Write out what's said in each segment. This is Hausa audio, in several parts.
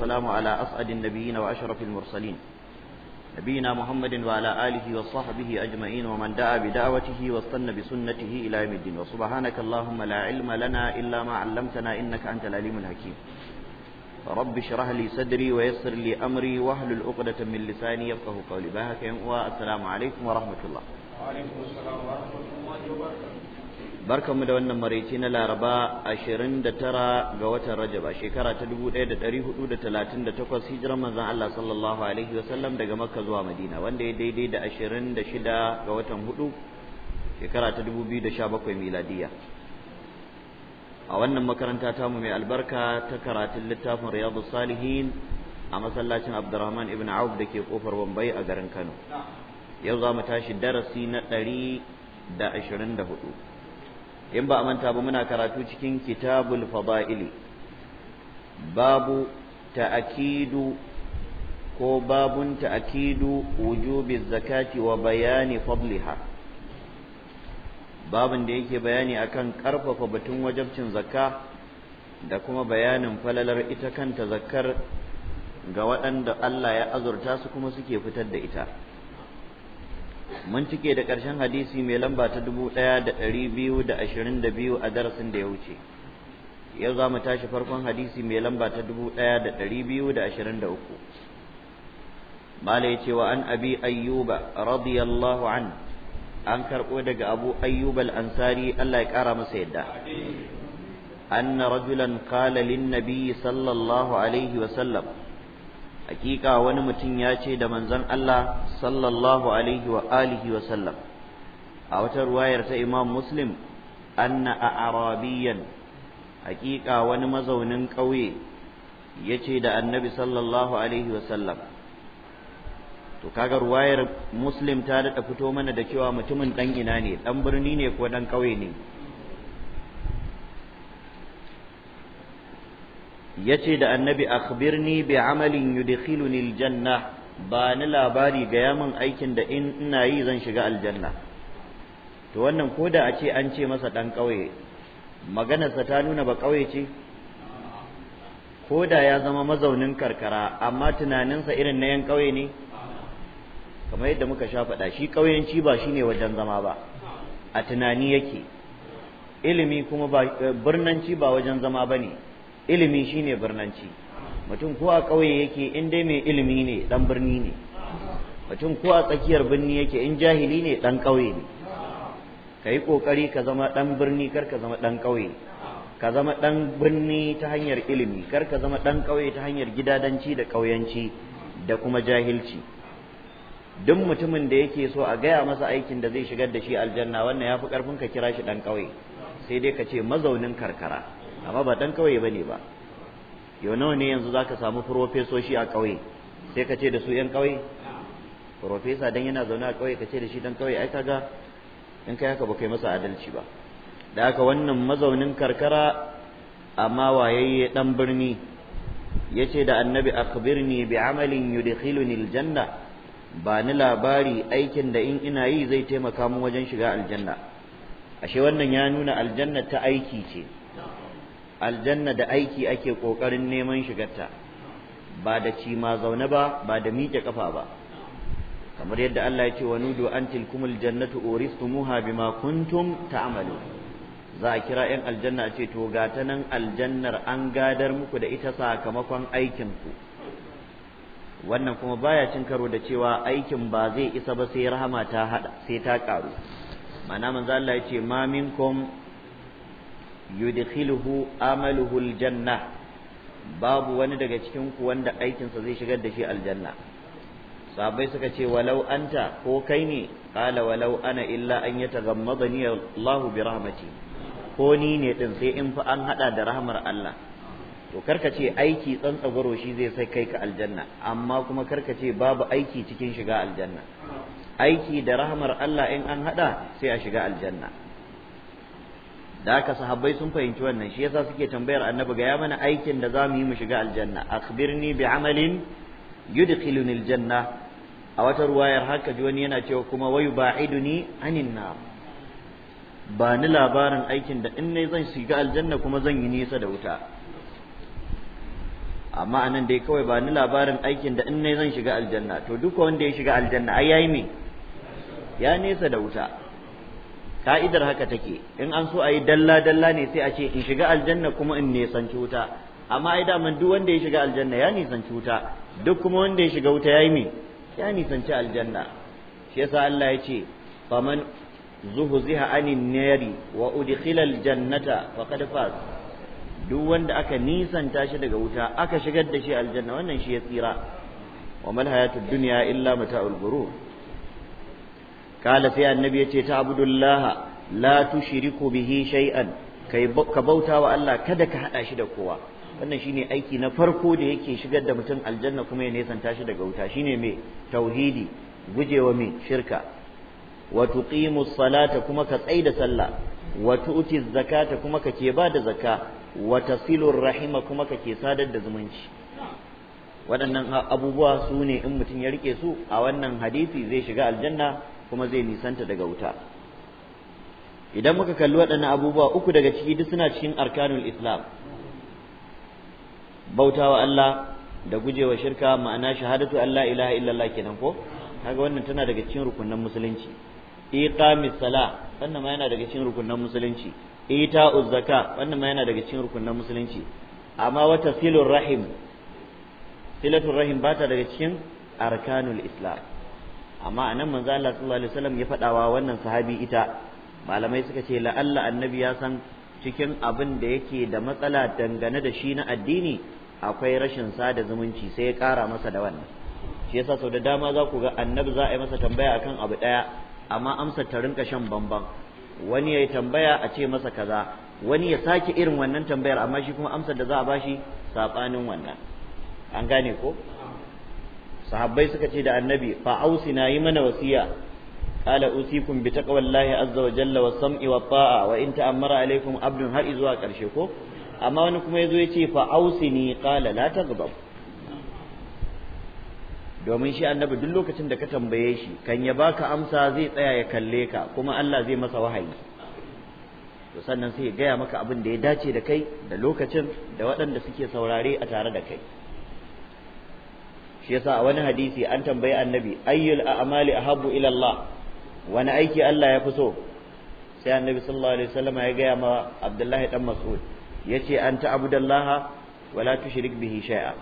والسلام على أسعد النبيين وأشرف المرسلين نبينا محمد وعلى آله وصحبه أجمعين ومن دعا بدعوته واستنى بسنته إلى يوم الدين وسبحانك اللهم لا علم لنا إلا ما علمتنا إنك أنت العليم الحكيم رب اشرح لي صدري ويسر لي أمري واحلل عقدة من لساني يفقه قولي باهك والسلام عليكم ورحمة الله وعليكم السلام ورحمة الله وبركاته barkanmu da wannan maraice na laraba 29 ga watan rajab a shekara ta 1438 hijirar manzon Allah sallallahu alaihi wasallam daga makka zuwa madina wanda ya daidai da da 26 ga watan hudu shekara ta da sha 2017 miladiya a wannan makaranta mu mai albarka ta karatun littafin riyadu salihin a masallacin abdulrahman ibn auf da ke kofar wambai a garin kano yau za mu tashi darasi na 124 in ba a manta ba muna karatu cikin kitabul fada'ili babu ta'akidu ko babun ta'akidu wujubi zakati wa bayani fadliha babin da yake bayani akan karfafa batun wajabcin zakka da kuma bayanin falalar ita kanta zakkar ga waɗanda Allah ya azurta su kuma suke fitar da ita mun cike da ƙarshen hadisi mai lamba ta dubu ɗaya da ɗari biyu da ashirin da biyu a darasin da ya wuce yau za mu tashi farkon hadisi mai lamba ta dubu ɗaya da ɗari biyu da ashirin da uku mala ya ce wa an abi ayyuba radiyallahu an an karɓo daga abu ayyuba al’ansari allah ya ƙara masa yadda أن رجلا قال للنبي صلى الله عليه وسلم hakika wani mutum ya ce da manzon Allah sallallahu alaihi wa alihi wa sallam a wata ruwayar ta Imam Muslim anna a'rabiyan hakika wani mazaunin ƙauye ya ce da annabi sallallahu alaihi wa sallam to kaga ruwayar Muslim ta daɗa fito mana da cewa mutumin ɗan ina ne ɗan birni ne ko ɗan ƙauye ne yace da annabi akhbirni bi amalin yudkhiluni aljanna ba ni labari ga yamin aikin da in ina yi zan shiga aljanna to wannan koda a ce an ce masa dan kauye maganarsa ta nuna ba kauye ce koda ya zama mazaunin karkara amma tunaninsa irin na yan kauye ne kamar yadda muka sha faɗa shi kauyenci ba shine wajen zama ba a tunani yake ilimi kuma eh, birnanci ba wajen zama bane ne ilimi shine birnanci mutum ko a ƙauye yake in dai mai ilimi ne dan birni ne mutum ko a tsakiyar birni yake in jahili ne dan ƙauye ne ka yi ƙoƙari ka zama dan birni kar ka zama dan ƙauye ka zama dan birni ta hanyar ilimi kar ka zama dan ƙauye ta hanyar gidadanci da ƙauyanci da kuma jahilci duk mutumin da yake so a gaya masa aikin da zai shigar da shi aljanna wannan ya fi ƙarfin ka kira shi ɗan ƙauye sai dai ka ce mazaunin karkara amma ba dan kauye bane ba yau nawa ne yanzu zaka samu profesoshi a kauye sai ka ce da su yan kauye profesa dan yana zaune a kauye ka ce da shi dan kauye ai kaga in kai haka ba kai masa adalci ba da haka wannan mazaunin karkara amma wayayye dan birni yace da annabi akhbirni bi amalin yudkhiluni aljanna ba ni labari aikin da in ina yi zai taimaka min wajen shiga aljanna ashe wannan ya nuna aljanna ta aiki ce aljanna da aiki ake ƙoƙarin neman shigarta ba da ci ma zaune ba ba da miƙe ƙafa ba kamar yadda Allah ya ce wa nudu an tilkumul jannatu uristumuha bima kuntum ta'malu za a kira 'yan aljanna a ce to ga ta nan aljannar an gadar muku da ita sakamakon aikin ku wannan kuma baya cin karo da cewa aikin ba zai isa ba sai rahama ta hada sai ta karu ma'ana manzo Allah ya ce ma minkum yudkhiluhu amaluhu aljanna babu wani daga cikin ku wanda aikinsa zai shigar da shi aljanna sahabbai suka ce walau anta ko kai ne qala walau ana illa an yataghammadani Allahu bi rahmati ko ni ne din sai in fa an hada da rahmar Allah to karka ce aiki tsantsagwaro shi zai sai kai ka aljanna amma kuma karka ce babu aiki cikin shiga aljanna aiki da rahmar Allah in an hada sai a shiga aljanna da haka sahabbai sun fahimci wannan shi yasa suke tambayar annabi ga ya mana aikin da za mu yi mu shiga aljanna akhbirni bi amalin yudkhiluni aljanna a wata ruwayar haka ji wani yana cewa kuma wayu ba'iduni anin nar ba ni labarin aikin da in ne zan shiga aljanna kuma zan yi nisa da wuta amma anan dai kawai ba ni labarin aikin da in ne zan shiga aljanna to duka wanda ya shiga aljanna ai yayi me ya nisa da wuta ka'idar haka take in an so a yi dalla dalla ne sai a ce in shiga aljanna kuma in nisanci wuta amma ai daman duk wanda ya shiga aljanna ya nisanci wuta duk kuma wanda ya shiga wuta yi me ya nisanci aljanna shi yasa Allah ya ce faman zuhziha anin nari wa udkhila aljannata faqad faz duk wanda aka nisanta shi daga wuta aka shigar da shi aljanna wannan shi ya tsira wa mal hayatud dunya illa mata'ul ghurur kala sai annabi ce ta abdullah la tushriku bihi shay'an kai ka bauta wa Allah kada ka hada shi da kowa wannan shine aiki na farko da yake shigar da mutum aljanna kuma ya nesanta shi daga wuta shine me tauhidi gujewa me shirka wa tuqimu salata kuma ka tsaida sallah wa tu'ti zakata kuma ka ke ba da zakka wa tasilu rahima kuma ka ke sadar da zumunci waɗannan abubuwa su ne in mutum ya rike su a wannan hadisi zai shiga aljanna kuma zai nisanta daga wuta idan muka kalli waɗannan abubuwa uku daga ciki duk suna cikin arkanul islam bautawa Allah da gujewa shirka ma'ana shahadatu Allah ilaha illallah kenan ko kaga wannan tana daga cikin rukunin musulunci iqamis sala wannan ma yana daga cikin rukunin musulunci ita'uz zaka wannan ma yana daga cikin rukunin musulunci amma wata silur rahim silatul rahim ba ta daga cikin arkanul islam amma anan manzo Allah sallallahu alaihi wasallam ya faɗawa wannan sahabi ita malamai suka ce la'alla annabi ya san cikin abin da yake da matsala dangane da shi na addini akwai rashin sada zumunci sai ya kara masa da wannan shi yasa sau da dama za ku ga annabi za a yi masa tambaya akan abu ɗaya amma amsar ta rinka shan bamban wani ya yi tambaya a ce masa kaza wani ya sake irin wannan tambayar amma shi kuma amsar da za a bashi saɓanin wannan an gane ko sahabbai suka ce da annabi fa ausina yi mana wasiya qala usikum bi taqwallahi azza wa jalla wa sam'i wa ta'a wa in ta'ammara alaikum abdun har zuwa karshe ko amma wani kuma yazo yace fa ausini qala la taghdab domin shi annabi duk lokacin da ka tambaye shi kan ya baka amsa zai tsaya ya kalle ka kuma Allah zai masa wahayi to sannan sai ya gaya maka abin da ya dace da kai da lokacin da waɗanda suke saurare a tare da kai shi yasa a wani hadisi an tambayi annabi ayyul a'mali ahabbu ila Allah wani aiki Allah ya fi so sai annabi sallallahu alaihi wasallam ya gaya ma Abdullahi dan Mas'ud yace an abudallah wa la tushrik bihi shay'a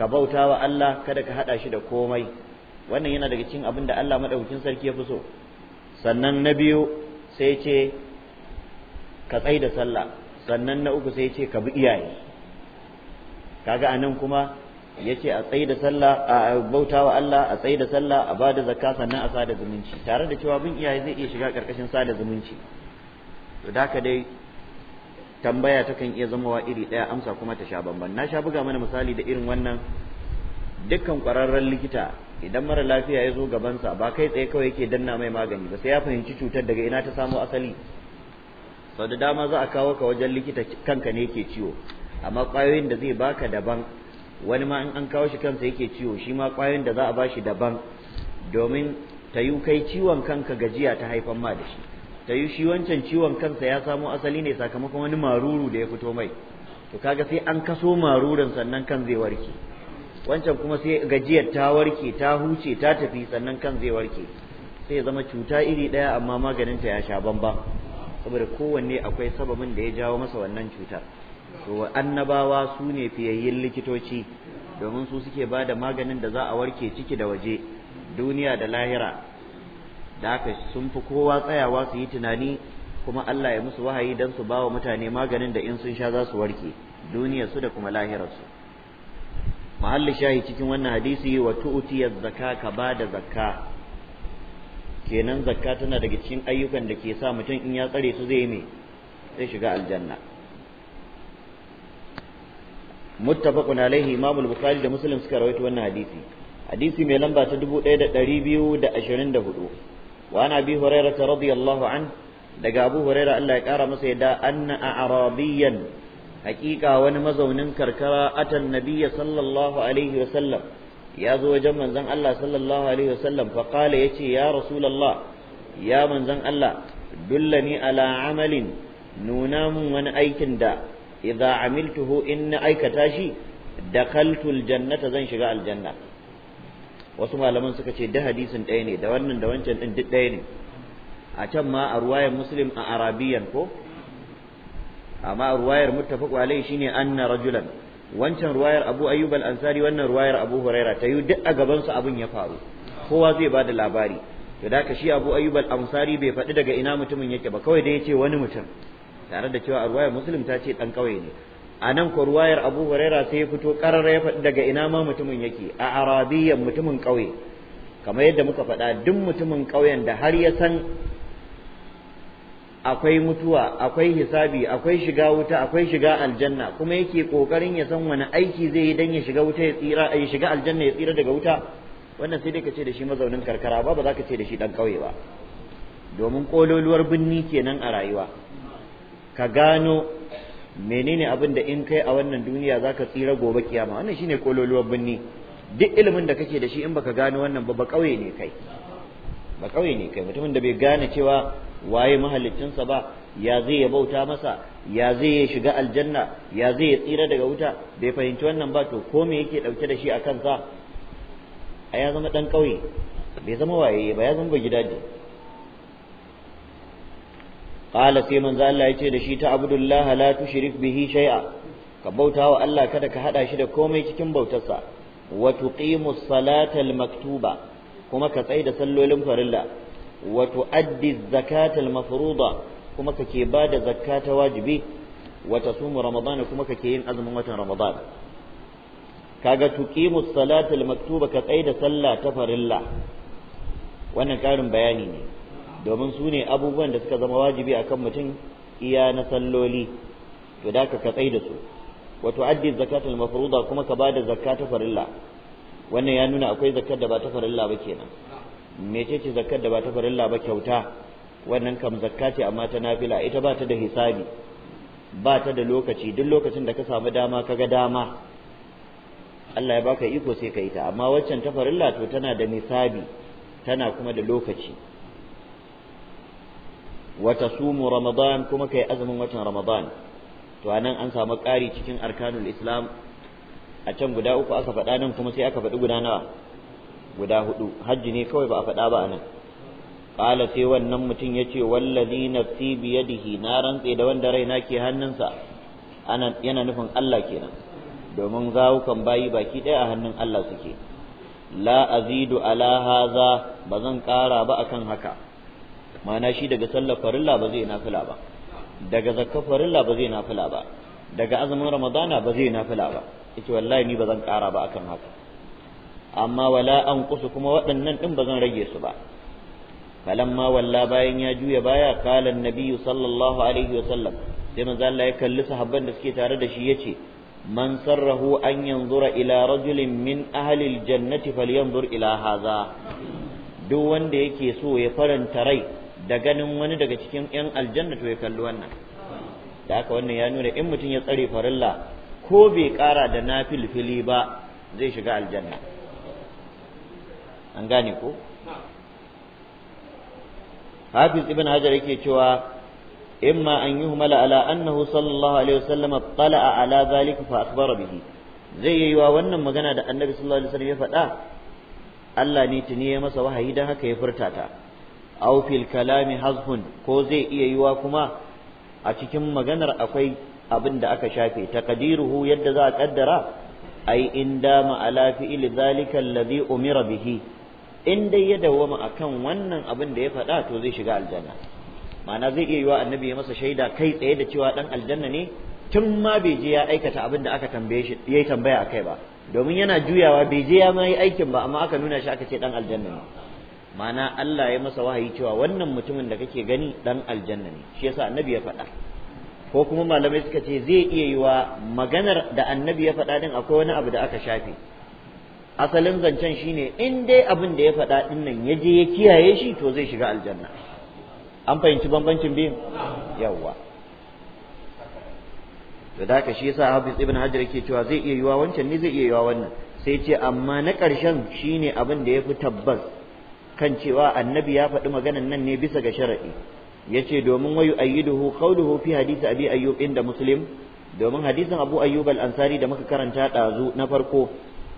ka bauta wa Allah kada ka hada shi da komai wannan yana daga cikin abin da Allah madaukakin sarki ya fi so sannan na biyu sai ce ka tsaye da sallah sannan na uku sai ce ka bi iyaye kaga anan kuma ya ce a tsaye da sallah a wa Allah a tsaye da sallah a bada zakka sannan a sada zumunci tare da cewa bin iyaye zai iya shiga karkashin sada zumunci to da dai tambaya takan iya zamawa iri ɗaya amsa kuma ta sha bambam na sha buga mana misali da irin wannan dukkan kwararren likita idan mara lafiya ya zo gabansa ba kai tsaye kawai yake danna mai magani ba sai ya fahimci cutar daga ina ta samo asali sau da dama za a kawo ka wajen likita kanka ne ke ciwo amma ƙwayoyin da zai baka daban wani ma in an kawo shi kansa yake ciwo shi ma ƙwayoyin da za a bashi daban domin ta yi kai ciwon kanka gajiya ta haifan ma da shi ta yi shi wancan ciwon kansa ya samo asali ne sakamakon wani maruru da ya fito mai to kaga sai an kaso marurin sannan kan zai warke wancan kuma sai gajiyar ta warke ta huce ta tafi sannan kan zai warke sai ya zama cuta iri ɗaya amma maganinta ya sha bamba saboda kowanne akwai sababin da ya jawo masa wannan cutar to annabawa su ne fiyayyen likitoci domin su suke ba da maganin da za a warke ciki da waje duniya da lahira da haka sun fi kowa tsayawa su yi tunani kuma Allah ya musu wahayi don su ba wa mutane maganin da in sun sha za su warke duniya su da kuma lahirarsu mahalli shahi cikin wannan hadisi wa tu'tiya zakka ka ba da zakka kenan zakka tana daga cikin ayyukan da ke sa mutum in ya tsare su zai me zai shiga aljanna muttafaqun alaihi imam al-bukhari da muslim suka rawaito wannan hadisi hadisi mai lamba ta 1224 wa ana bi hurairah radiyallahu an daga abu hurairah Allah ya kara masa yadda anna arabiyan haqiqa wani mazaunin karkara atan nabiyya sallallahu alaihi wa sallam ya zo wajen manzon Allah sallallahu alaihi wa sallam fa qala yace ya rasulullah ya manzon Allah dullani ala amalin nuna mun wani aikin da idza amiltuhu in na aikata shi dakaltul jannata zan shiga aljanna wasu malaman suka ce da hadisin ɗaya ne da wannan da wancan ɗin duk ɗaya ne a can ma a ruwayar muslim a arabiyan ko amma a ruwayar muttafaqu alai shine anna rajulan wancan ruwayar abu ayyub al-ansari wannan ruwayar abu huraira ta yi duk a gaban su abin ya faru kowa zai bada labari to da ka shi abu ayyub al-ansari bai faɗi daga ina mutumin yake ba kawai dai ce wani mutum tare da cewa ruwaya muslim ta ce dan kauye ne a nan ko ruwayar abu huraira sai ya fito karara ya faɗi daga ina ma mutumin yake a arabiyyan mutumin kauye kamar yadda muka faɗa duk mutumin kauyen da har ya san akwai mutuwa akwai hisabi akwai shiga wuta akwai shiga aljanna kuma yake kokarin ya san wani aiki zai yi dan ya shiga wuta ya tsira ya shiga aljanna ya tsira daga wuta wannan sai dai ka ce da shi mazaunin karkara ba ba za ka ce da shi dan kauye ba domin kololuwar binni kenan a rayuwa ka gano menene abin da in kai a wannan duniya za ka tsira gobe kiyama wannan shine kololuwar binni duk ilimin da kake da shi in baka gano wannan ba ba kauye ne kai ba kauye ne kai mutumin da bai gane cewa waye mahaliccinsa ba ya zai ya bauta masa ya zai ya shiga aljanna ya zai ya tsira daga wuta bai fahimci wannan ba to ko me yake dauke da shi a kansa a ya zama dan kauye bai zama waye ba ya zama gidaje qala sai manzo Allah yace da shi ta abdullah la bihi shai'a, ka bauta wa Allah kada ka hada shi da komai cikin bautarsa wa tuqimu salata maktuba kuma ka tsai da sallolin farilla wa tuaddi zakata al-mafruḍa kuma kake ba da zakka ta wajibi wa tasumu ramadan kuma kake yin azumin watan ramadan kaga tuqimu salata al-maktuba ka tsai da sallah ta farilla wannan karin bayani ne domin su ne abubuwan da suka zama wajibi akan mutum iya na salloli to da ka katsai da su wato addi zakatul mafruda kuma ka bada zakka farilla wannan ya nuna akwai zakkar da ba ta farilla ba kenan mecece zakkar da ba ta farilla ba kyauta wannan kam zakkace amma ta nafila ita ba ta da hisabi ba ta da lokaci duk lokacin da ka samu dama ka ga dama Allah ya baka iko sai ka yi ta amma waccan ta farilla to tana da nisabi tana kuma da lokaci wata sumu ramadan kuma kai azumin watan ramadan to anan an samu ƙari cikin arkanul islam a can guda uku aka faɗa nan kuma sai aka faɗi guda nawa guda hudu hajji ne kawai ba a faɗa ba anan qala sai wannan mutum yace wallazi nafsi bi yadihi na rantse da wanda raina ke hannunsa ana yana nufin Allah kenan domin zawukan bayi baki ɗaya a hannun Allah suke la azidu ala haza ba zan ƙara ba akan haka ma'ana shi daga sallar farilla ba zai nafila ba daga zakka farilla ba zai nafila ba daga azumin ramadana ba zai nafila ba yace wallahi ni ba zan ƙara ba akan haka amma wala an kusu kuma waɗannan ɗin ba zan rage su ba falamma walla bayan ya juya baya qala annabiyyu sallallahu alaihi wasallam sai manzo Allah ya kalli sahabban da suke tare da shi yace man sarrahu an yanzura ila rajulin min ahlil jannati falyanzur ila haza duk wanda yake so ya faranta rai da ganin wani daga cikin yan aljanna to ya kalli wannan da haka wannan ya nuna in mutum ya tsare farilla ko bai kara da na fili-fili ba zai shiga aljanna an gane ko hafiz ibn hajar yake cewa imma an yuhmala ala annahu sallallahu alaihi wasallam tala'a ala zalika fa akhbara bihi zai yi wa wannan magana da annabi sallallahu alaihi wasallam ya faɗa Allah ne tuni ya masa wahayi dan haka ya furta ta aw fil kalami hazfun ko zai iya yiwa kuma a cikin maganar akwai abin da aka shafe taqdiruhu yadda za a kaddara ai in dama ala fi'il zalika alladhi umira bihi in dai ya dawwama akan wannan abin da ya faɗa to zai shiga aljanna ma'ana zai iya yiwa annabi ya masa shaida kai tsaye da cewa dan aljanna ne tun ma bai je ya aikata abin da aka tambaye shi yayi tambaya akai ba domin yana juyawa bai je ya ma yi aikin ba amma aka nuna shi aka ce dan aljanna ne mana Allah ya masa wahayi cewa wannan mutumin da kake gani dan aljanna ne shi yasa annabi ya faɗa ko kuma malamai suka ce zai iya yiwa maganar da annabi ya faɗa din akwai wani abu da aka shafe asalin zancen shine in dai abin da ya faɗa din nan ya je ya kiyaye shi to zai shiga aljanna an fahimci bambancin biyu, yawwa to da haka shi yasa Hafiz Ibn Hajar yake cewa zai iya yiwa wancan ne zai iya yiwa wannan sai ce amma na ƙarshen shine abin da ya fi tabbas kan cewa annabi ya faɗi maganan nan ne bisa ga shara'i yace domin wayu ayyiduhu qawluhu fi hadisi abi ayyub inda muslim domin hadisin abu ayyub al-ansari da muka karanta dazu na farko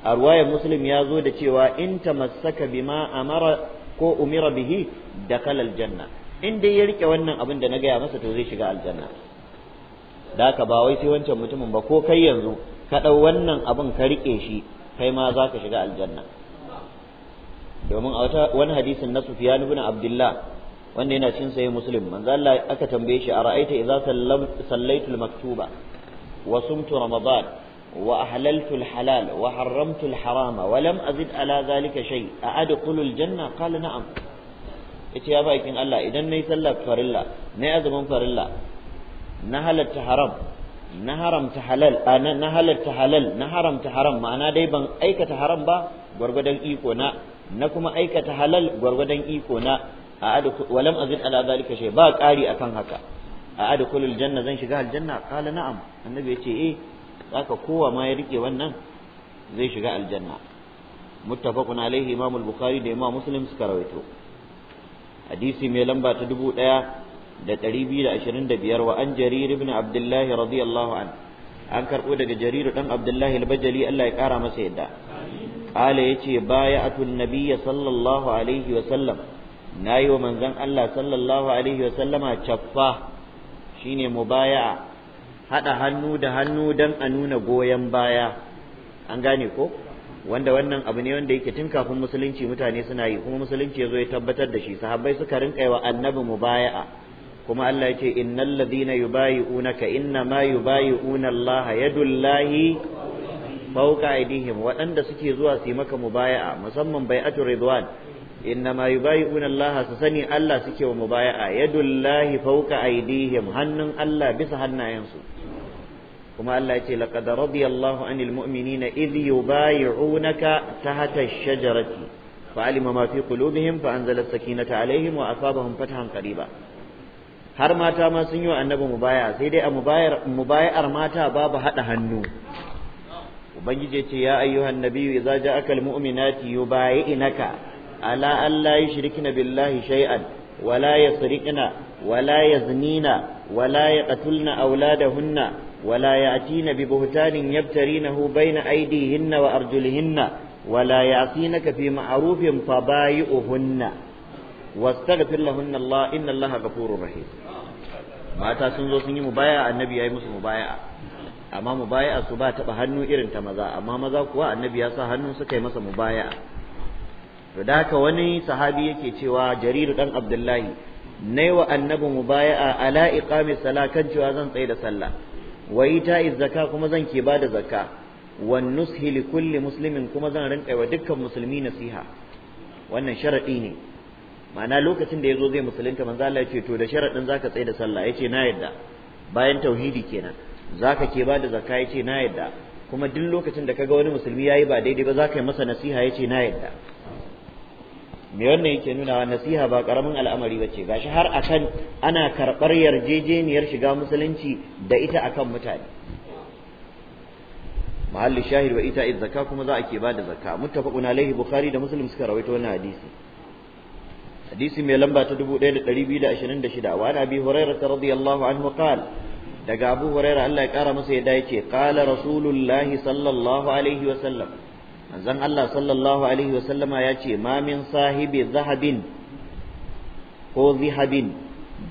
a ruwayar muslim ya zo da cewa in tamassaka bima amara ko umira bihi da kalal janna in dai ya rike wannan abin da na gaya masa to zai shiga aljanna da ka ba wai sai wancan mutumin ba ko kai yanzu ka ɗau wannan abin ka rike shi kai ma za ka shiga aljanna domin a wani hadisin na Sufyan ibn Abdullah wanda yana cin sai Muslim manzo Allah aka tambaye shi ara'aita idza sallaitu al-maktuba wa sumtu ramadan wa ahlaltu al-halal wa harramtu al-harama wa lam azid ala zalika shay a adkhulu al-janna qala na'am ya bakin Allah idan nayi sallar farilla nayi azumin farilla na halatta haram na haramta halal na halatta halal na haramta haram ma'ana dai ban aikata haram ba gwargwadon iko na na kuma aikata halal gwargwadon iko na a walam azin ala zalika shay ba ƙari akan haka a adkhulul janna zan shiga aljanna qala na'am annabi yace eh zaka kowa ma ya rike wannan zai shiga aljanna muttafaqun alaihi imam al-bukhari da imam muslim suka rawaito hadisi mai lamba ta 1225 wa an jarir ibn abdullahi radiyallahu an an karbo daga jarir dan abdullahi al-bajali Allah ya kara masa yadda قال يتي بايعة النبي صلى الله عليه وسلم ناي ومن زن الله صلى الله عليه وسلم شفا شيني مبايعة هذا هنو ده هنو دم أنونا goyon baya an gane ko wanda wannan abu ne wanda yake tun kafin musulunci mutane suna yi kuma musulunci ya zo ya tabbatar da shi sahabbai suka rinka yi wa annabi mubaya'a kuma Allah ya ce innal ladina yubayi'unaka inna ma yubayi'una Allah yadullahi fawqa aydihim waɗanda suke zuwa su yi maka mubaya'a musamman bai'atu ridwan innama yubayi'una Allah su sani Allah suke wa mubaya'a yadullahi fauka aidihim hannun Allah bisa hannayensu kuma Allah yace laqad radiyallahu anil mu'minina idh yubayi'unaka tahta ash-shajarati fa'alima ma fi qulubihim fa as-sakinata alaihim wa asabahum fathan qariba har mata ma sun yi wa annabi mubaya sai dai a mubaya'ar mata babu hada hannu ubangiji ce ya ayyuhan nabiyyu idza ja'aka almu'minati yubayyinaka ala alla yushrikna billahi shay'an wala yasriqna wala yaznina wala aulada hunna wala ya'tina bi buhtanin yabtarinahu bayna aydihinna wa arjulihinna wala ya'tinaka fi ma'rufin fabayuhunna واستغفر لهن الله ان الله غفور رحيم ما تاسن زو سن يي مبايعه النبي يي مسو مبايعه amma mubaya'a su ba taɓa hannu irin ta maza amma maza kuwa annabi ya sa hannu suka yi masa mubaya'a to da haka wani sahabi yake cewa jariru dan abdullahi nai wa annabi mubaya'a ala iqami salat kan cewa zan tsaye da sallah wa ita'iz zakka kuma zan ke bada zakka wan nushi li kulli muslimin kuma zan rinka wa dukkan musulmi nasiha wannan sharadi ne ma'ana lokacin da yazo zai musulunta manzo Allah ya ce to da sharadin zaka tsaye da sallah yace na yadda bayan tauhidi kenan zaka ke bada zakka yace na yadda kuma duk lokacin da kaga wani musulmi yayi ba daidai ba zaka yi masa nasiha yace na yadda me wannan yake nuna wa nasiha ba karamin al'amari bace gashi har akan ana karɓar yarjejeniyar shiga musulunci da ita akan mutane mahalli shahir wa ita zakka kuma za a ke bada zakka muttafaqun alaihi bukhari da muslim suka rawaito wannan hadisi hadisi mai lamba ta 1226 wa abi hurairah radiyallahu anhu qala daga Abu Huraira Allah ya kara masa yadda yace qala Rasulullah sallallahu alaihi wa sallam manzon Allah sallallahu alaihi wa sallama yace ma min sahibi zahabin ko zihabin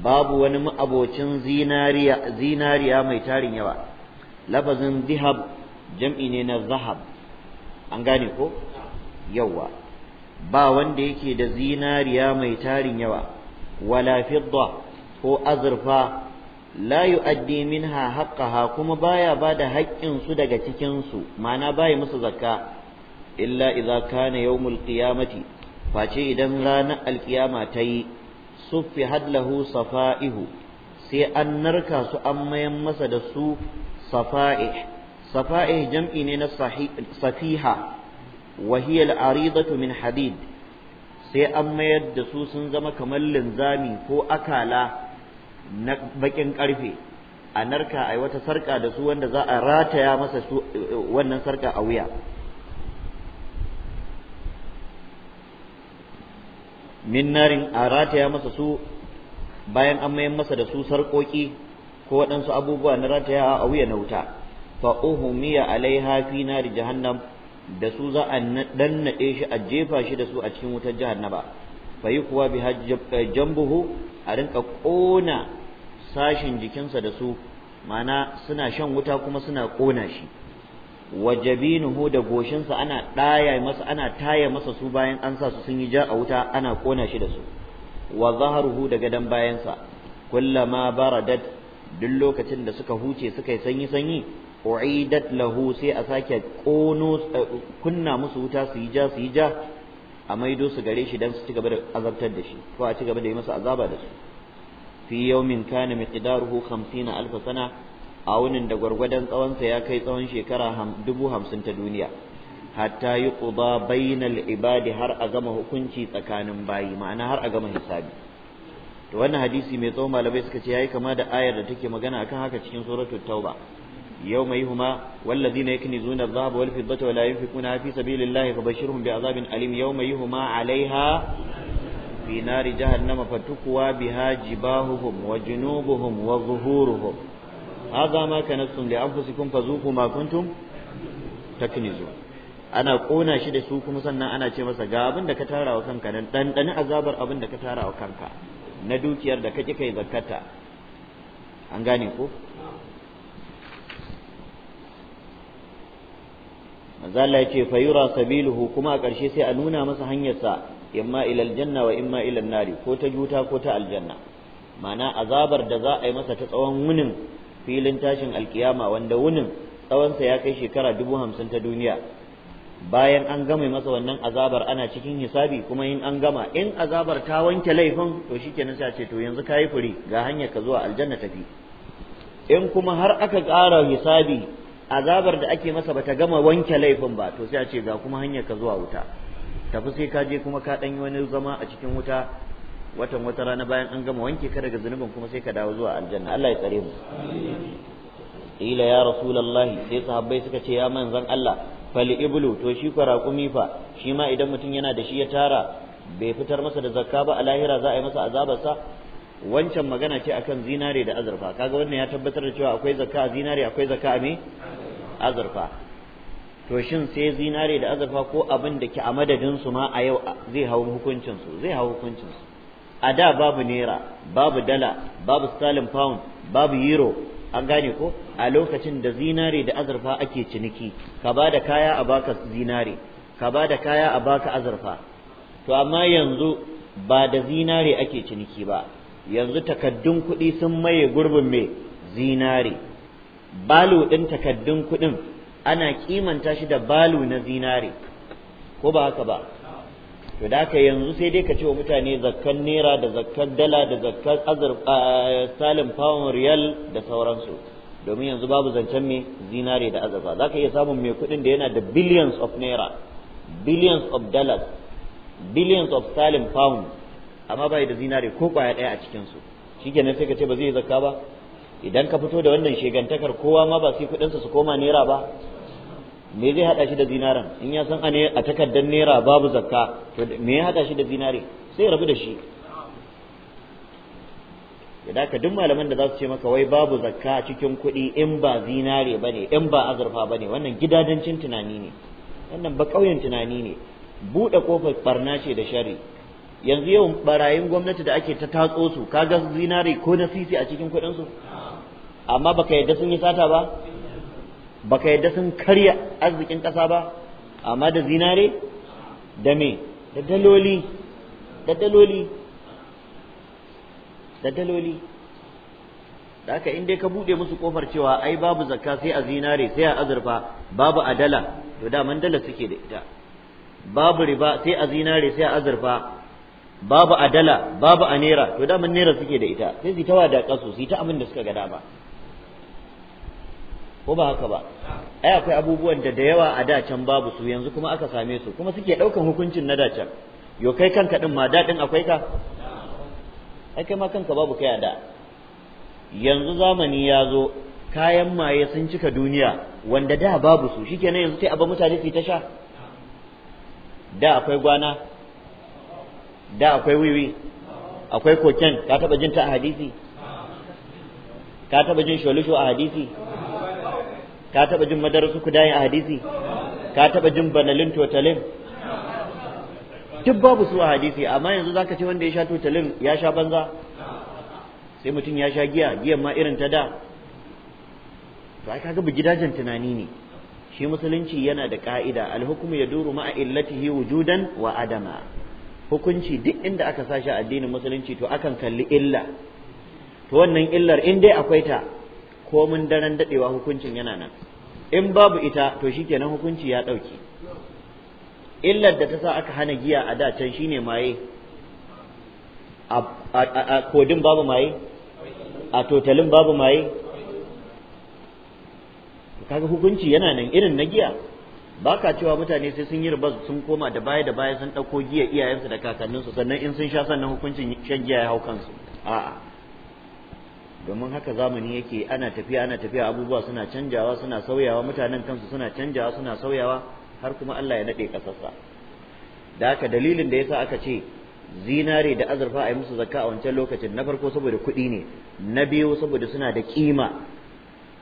babu wani abocin zinariya zinariya mai tarin yawa lafazin zihab jam'i ne na zahab an gane ko yawa ba wanda yake da zinariya mai tarin yawa wala fidda ko azurfa la yu'addi minha haqqaha kuma baya bada haƙƙin su daga cikin su mana bai musu zakka illa idza kana yawmul qiyamati face idan ranar alkiyama ta yi sufi hadlahu safa'ihu sai an narka su an mayan masa da su safa'i safa'i jam'i ne na safiha wa hiya al'aridatu min hadid sai an mayar da su sun zama kamar linzami ko akala na bakin karfe a narka a wata sarka da su wanda za a rataya masa su wannan sarka a wuya min narin a rataya masa su bayan an mayan masa da su sarƙoƙi ko waɗansu abubuwa na rataya a wuya na wuta fa uhumiya alaiha fi nari jahannam da su za a dannaɗe shi a jefa shi da su a cikin wutar jahannaba fayuwa bi biha eh, jambuhu a rinka kona sashin jikinsa da su mana suna shan wuta kuma suna kona shi wajabinuhu nuhu da goshinsa ana daya masa ana taya masa su bayan an sa su sun yi ja a wuta ana kona shi da su wa zaharuhu da gadon bayansa kullama baradat duk lokacin da suka huce suka yi sanyi sanyi u'idat lahu sai a sake kono eh, kunna musu wuta su yi ja su yi ja a maido su gare shi dan su ci gaba da azabtar da shi ko a ci gaba da yi masa azaba da su fi yawmin kana miqdaruhu 50000 sana a wunin da gwargwadon tsawonsa ya kai tsawon shekara dubu ta duniya hatta yi bainal ibadi har a gama hukunci tsakanin bayi ma'ana har a gama hisabi to wannan hadisi mai tsawon malamai suka ce yayi kama da ayar da take magana akan haka cikin suratul tauba يوم يهما والذين يكنزون الذهب والفضة ولا ينفقونها في سبيل الله فبشرهم بعذاب أليم يوم يهما عليها في نار جهنم فتكوى بها جباههم وجنوبهم وظهورهم هذا ما كنتم لأنفسكم فذوقوا ما كنتم تكنزون ana kona shi da su kuma sannan ana ce masa ga abin da ka tara wa kanka nan ɗanɗani azabar abin da ka tara wa kanka na dukiyar da kake kai zakkata an gane ko manzo Allah ya ce fayura sabiluhu kuma a ƙarshe sai a nuna masa hanyarsa imma ilal janna wa imma ilal nari ko ta juta ko ta aljanna ma'ana azabar da za a yi masa ta tsawon wunin filin tashin alkiyama wanda wunin tsawonsa ya kai shekara dubu hamsin ta duniya bayan an gama masa wannan azabar ana cikin hisabi kuma in an gama in azabar ta wanke laifin to shikenan sai a ce to yanzu kayi fure ga hanyar ka zuwa aljanna tafi in kuma har aka ƙara hisabi azabar da ake masa bata gama wanke laifin ba to sai a ce ga kuma hanyar ka zuwa wuta tafi sai ka je kuma ka danyi wani zama a cikin wuta watan wata rana bayan an gama wanke ka daga zunubin kuma sai ka dawo zuwa aljanna Allah ya tsare mu ila ya rasulullah sai sahabbai suka ce ya manzon Allah fali iblu to shi kwa raƙumi fa shi ma idan mutum yana da shi ya tara bai fitar masa da zakka ba a lahira za a yi masa azabarsa wancan magana ce akan zinare da azurfa kaga wannan ya tabbatar da cewa akwai zakka a zinare akwai zakka a me azurfa to shin sai zinare da azurfa ko abin da ke a madadin su ma a yau zai hau hukuncin su zai hau hukuncin su a da babu naira babu dala babu sterling pound babu euro an gane ko a lokacin da zinare da azurfa ake ciniki ka ba da kaya a baka zinare ka ba da kaya a baka azurfa to amma yanzu ba da zinare ake ciniki ba yanzu takaddun kuɗi sun maye gurbin mai zinare balu ɗin takaddun kuɗin ana kimanta shi da balu na zinare ko ba haka ba to da haka yanzu sai dai ka ce wa mutane zakkan naira da zakkan dala da zakkan azurfa salin pound riyal da sauransu domin yanzu babu zancen mai zinare da azurfa za ka iya samun mai kuɗin da yana da billions of naira billions of dollars billions of salin pound amma bai da zinare ko kwaya daya a cikin su shikenan sai ka ce ba zai zakka ba idan ka fito da wannan shegantakar kowa ma ba sai sa su koma naira ba me zai hada shi da zinaren in ya san ane a takardar naira babu zakka to me ya hada shi da zinare sai rabu da shi da ka duk malaman da za su ce maka wai babu zakka cikin kuɗi in ba zinare bane in ba azurfa bane wannan gidajencin tunani ne wannan ba ƙauyen tunani ne buɗe kofar barna ce da shari yanzu yau barayin gwamnati da ake ta tatso su kaga zinare ko na sisi a cikin kuɗin su amma baka yadda sun yi sata ba baka yadda sun karya arzikin ƙasa ba amma da zinare da me da daloli da daloli da daloli da haka in dai ka buɗe musu kofar cewa ai babu zakka sai a zinare sai a azurfa babu a dala to da Mandala suke da ita babu riba sai a zinare sai a azurfa babu a dala babu a to to daman nera suke da ita sai su ta wada kasu su ta abin da suka ga dama ko ba haka ba ai akwai abubuwan da da yawa a da can babu su yanzu kuma aka same su kuma suke daukan hukuncin na da can yo kai kanka din ma dadin akwai ka ai kai ma kanka babu kai a da yanzu zamani ya zo kayan maye sun cika duniya wanda da babu su shikenan yanzu sai abin mutane su ta sha da akwai gwana da akwai wiwi akwai koken ka taba jin ta a hadisi ka taba jin sholisho a hadisi ka taba jin madarasu kudayen a hadisi ka taba jin banalin totalin duk babu su a hadisi amma yanzu zaka ce wanda ya sha totalin ya sha banza sai mutum ya sha giya giyan ma irin ta da to ai kaga gidajen tunani ne shi musulunci yana da ka'ida alhukumu yaduru ma'a illatihi wujudan wa adama hukunci duk inda aka sashi a addinin musulunci to akan kalli illa to wannan illar in dai akwai ta komin daren dadewa hukuncin yana nan in babu ita to shikenan hukunci ya dauke illar da ta sa aka hana giya a da can shine maye a kodin babu maye a totalin babu maye kaga hukunci yana nan irin na giya ba ka cewa mutane sai sun yi riba sun koma da baya da baya sun ɗauko giya iyayensu da kakanninsu sannan in sun sha sannan hukuncin shan giya ya hau kansu a'a domin haka zamani yake ana tafiya ana tafiya abubuwa suna canjawa suna sauyawa mutanen kansu suna canjawa suna sauyawa har kuma Allah ya naɗe ƙasarsa da haka dalilin da yasa aka ce zinare da azurfa a yi musu zakka a wancan lokacin na farko saboda kuɗi ne na biyu saboda suna da kima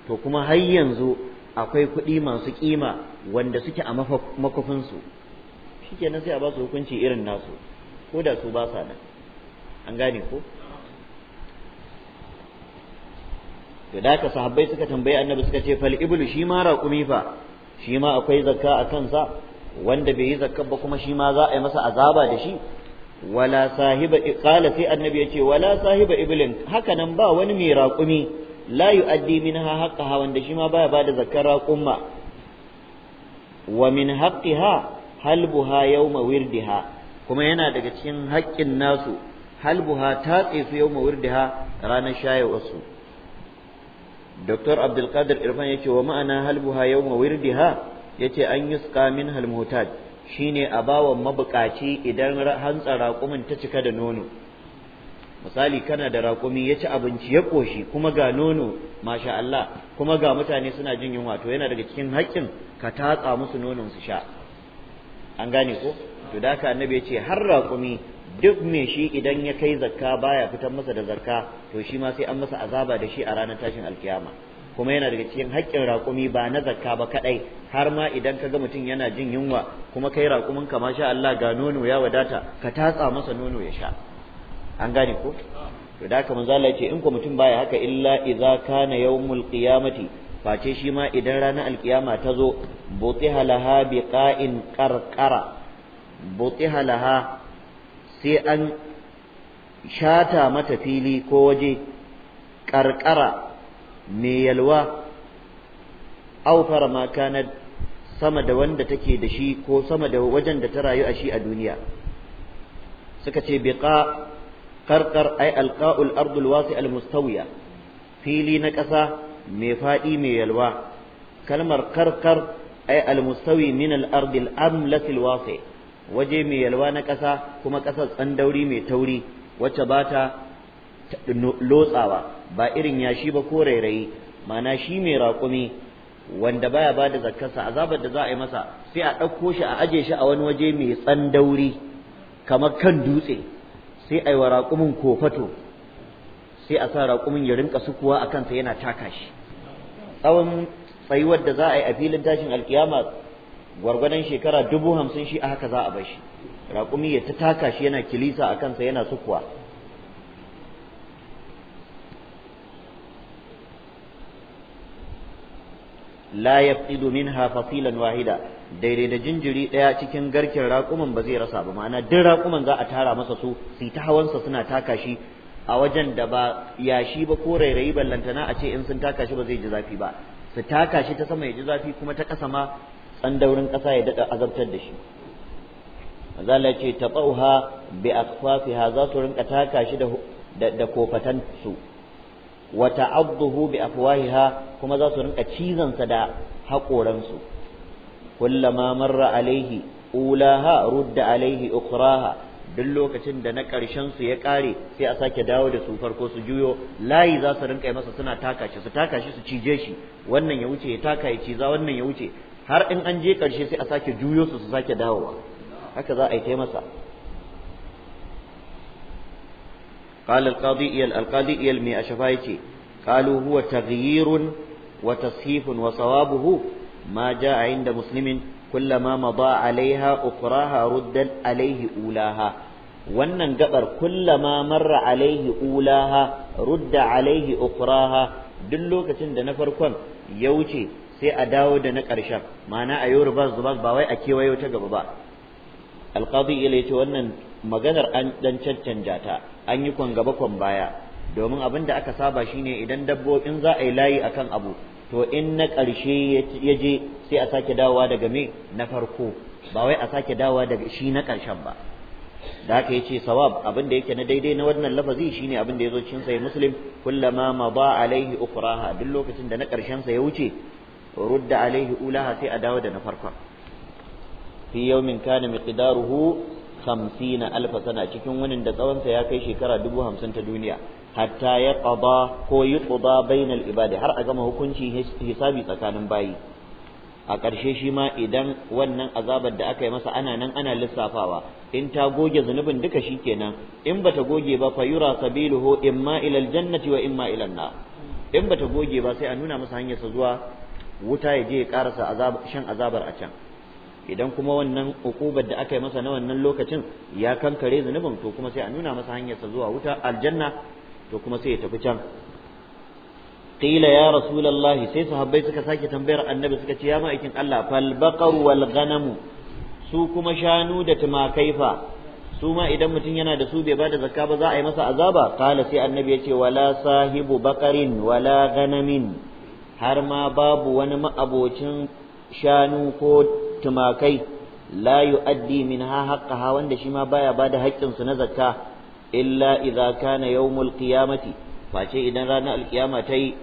to kuma har yanzu akwai kuɗi masu ƙima wanda suke a makofinsu shikenan sai a ba su hukunci irin nasu ko da su ba sa nan an gane ko da ka sahabbai suka tambayi annabi suka ce fal iblu shi ma raqumi fa shi ma akwai zakka a kansa wanda bai yi zakka ba kuma shi ma za a yi masa azaba da shi wala sahiba qala sai annabi yace wala sahiba iblin haka nan ba wani mai raqumi la yu'addi minha ha, wanda shi ma baya bada zakkar raqumma wa min haqqiha halbuha yawma wirdiha kuma yana daga cikin haƙƙin nasu halbuha ta tsefu yawma wirdiha ranar wasu. Dr. Abdulkadir Irfan yace wa ma'ana halbuha yawma wirdiha yace an yusqa min halmuhtaj shine a bawa mabukaci idan hantsar raƙumin ta cika da nono misali kana da raƙumi ya ci abinci ya ƙoshi kuma ga nono masha Allah kuma ga mutane suna jin yunwa to yana daga cikin haƙƙin ka tatsa musu nonon su sha an gane ko to da haka annabi ya ce har raƙumi duk me shi idan ya kai zakka baya fitar masa da zakka to shi ma sai an masa azaba da shi a ranar tashin alkiyama kuma yana daga cikin haƙƙin raƙumi ba na zakka ba kaɗai har ma idan ka ga mutum yana jin yunwa kuma kai raƙumin ka masha Allah ga nono ya wadata ka tatsa masa nono ya sha an gane ko to da haka manzo Allah ya ce in ko mutum baya haka illa idza kana yawmul qiyamati face shi ma idan ranar alkiyama ta zo butiha laha biqa'in qarqara butiha laha sai an shata mata fili ko waje qarqara me yalwa awfara ma kanat sama da wanda take da shi ko sama da wajen da ta rayu a shi a duniya suka ce biqa karkar ay alka'ul ardul wasi al fili na ƙasa mai faɗi mai yalwa kalmar karkar ay al min al ardi wasi waje mai yalwa na ƙasa kuma ƙasar tsandauri mai tauri wacce ba ta lotsawa ba irin yashi ba ko rairayi mana shi mai raƙumi wanda baya bada zakkarsa azabar da za a yi masa sai a ɗauko shi a aje shi a wani waje mai tsandauri kamar kan dutse sai a yi wa raƙumin kofato sai a sa raƙumin ya rinka sukuwa a kansa yana taka shi tsawon tsayuwar da za a yi a filin tashin alkiyama gwargwadon shekara dubu hamsin shi a haka za a bashi shi raƙumi ya ta taka shi yana kilisa a kansa yana sukuwa la yafidu minha fasilan wahida daidai da jinjiri daya cikin garkin raƙuman ba zai rasa ba ma'ana duk raƙuman za a tara masa su su ta hawansa suna taka shi a wajen da ba yashi ba ko rairayi ballantana a ce in sun taka shi ba zai ji zafi ba su taka shi ta sama ya ji zafi kuma ta ƙasa ma tsandaurin ƙasa ya daɗa azabtar da shi zala ce taɓauha bi asfafiha za su rinka taka shi da kofatan su wa ta'adduhu bi afwahiha kuma za su rinka sa da haƙoransu kullama marra alaihi ulaha rudda alaihi ukraha duk lokacin da na ƙarshen su ya ƙare sai a sake dawo da su farko su juyo layi za su rinka yi masa suna taka shi su taka shi su cije shi wannan ya wuce ya taka ya ciza wannan ya wuce har in an je karshe sai a sake juyo su su sake dawowa haka za a yi ta masa قال القاضي إيال القاضي إيال مي أشفايتي قالوا هو تغيير وتصحيف وصوابه ما جاء عند مسلم كلما مضى عليها أخراها ردا عليه أولاها wannan gabar kullama marra alaihi ulaha rudda alaihi ukraha duk lokacin da na farkon ya wuce sai a dawo da na ƙarshen ma'ana a yoruba zubas ba wai a kewayo ta gaba ba alqadi ila ce wannan maganar an dan cancanja ta an yi kwan gaba kwan baya domin abin da aka saba shine idan dabbobin za a yi layi akan abu to in na ƙarshe ya je sai a sake dawowa daga me na farko ba wai a sake dawowa daga shi na ƙarshen ba da haka ce sawab abin da yake na daidai na wannan lafazi shine abin da ya zo cikin sai muslim kullama mada alaihi ukraha duk lokacin da na karshen sa ya wuce rudda alaihi ulaha sai a dawo da na farkon fi yawmin kana miqdaruhu 50 alf sana cikin wani da sa ya kai shekara 50 ta duniya hatta ya qada ko yuqda bainal ibadi har a gama hukunci hisabi tsakanin bayi a ƙarshe shi ma idan wannan azabar da aka yi masa ana nan ana lissafawa in ta goge zunubin duka shi kenan in bata goge ba fa yura sabiluhu imma ila aljannati wa imma ila an-nar in bata goge ba sai a nuna masa hanyarsa zuwa wuta ya je ya karasa shan azabar a can idan kuma wannan ukubar da aka yi masa na wannan lokacin ya kankare zunubin to kuma sai a nuna masa hanyarsa zuwa wuta aljanna to kuma sai ya tafi can qila ya rasulullahi sai sahabbai suka sake tambayar annabi suka ce ya ma'aikin Allah fal baqaru wal ghanam su kuma shanu da tumakai fa su ma idan mutum yana da su bai bada zakka ba za a yi masa azaba qala sai annabi ya ce wala sahibu baqarin wala ghanamin har ma babu wani ma'abocin shanu ko tumakai la yu'addi minha haqqaha wanda shi ma baya bada haƙƙin su na zakka illa idza kana yawmul qiyamati face idan ranar alkiyama ta yi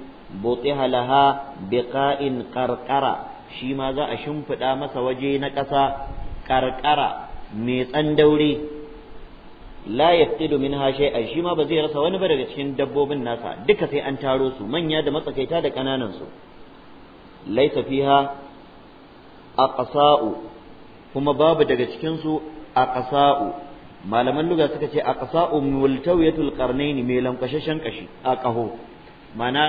butiha laha biqa'in qarqara shi ma za a shimfiɗa masa waje na ƙasa ƙarƙara mai tsandauri la domin minha shay'an shi ma ba zai rasa wani ba daga cikin dabbobin nasa duka sai an taro su manya da matsakaita da kananan su laysa fiha aqsa'u kuma babu daga cikin su aqsa'u malaman lugha suka ce aqsa'u multawiyatul qarnaini mai lankwashashen kashi a mana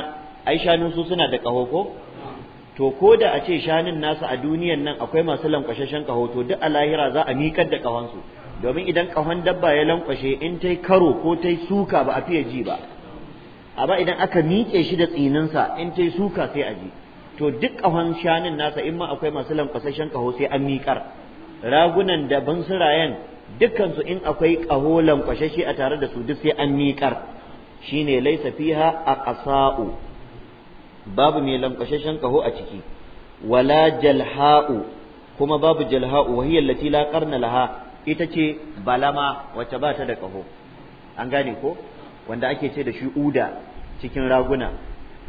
ai shanun su suna da ƙaho ko to ko da a ce shanun nasu a duniyan nan akwai masu lankwashashen kaho to duk a lahira za a miƙar da kahonsu domin idan ƙahon dabba ya lankwashe in tai karo ko tai suka ba a fiye ji ba amma idan aka miƙe shi da tsininsa in ta suka sai a ji to duk ƙahon shanun nasa in ma akwai masu lankwasashen kaho sai an miƙar ragunan da ban bansirayen dukkansu in akwai ƙaho lankwasashe a tare da su duk sai an miƙar shine laisa fiha a ƙasa'u babu mai lankwasashen ƙaho a ciki wala jalha'u kuma babu jalha'u hiyar lati la qarna laha ita ce balama wacce ba ta da ƙaho an gane ko wanda ake ce da shi uda cikin raguna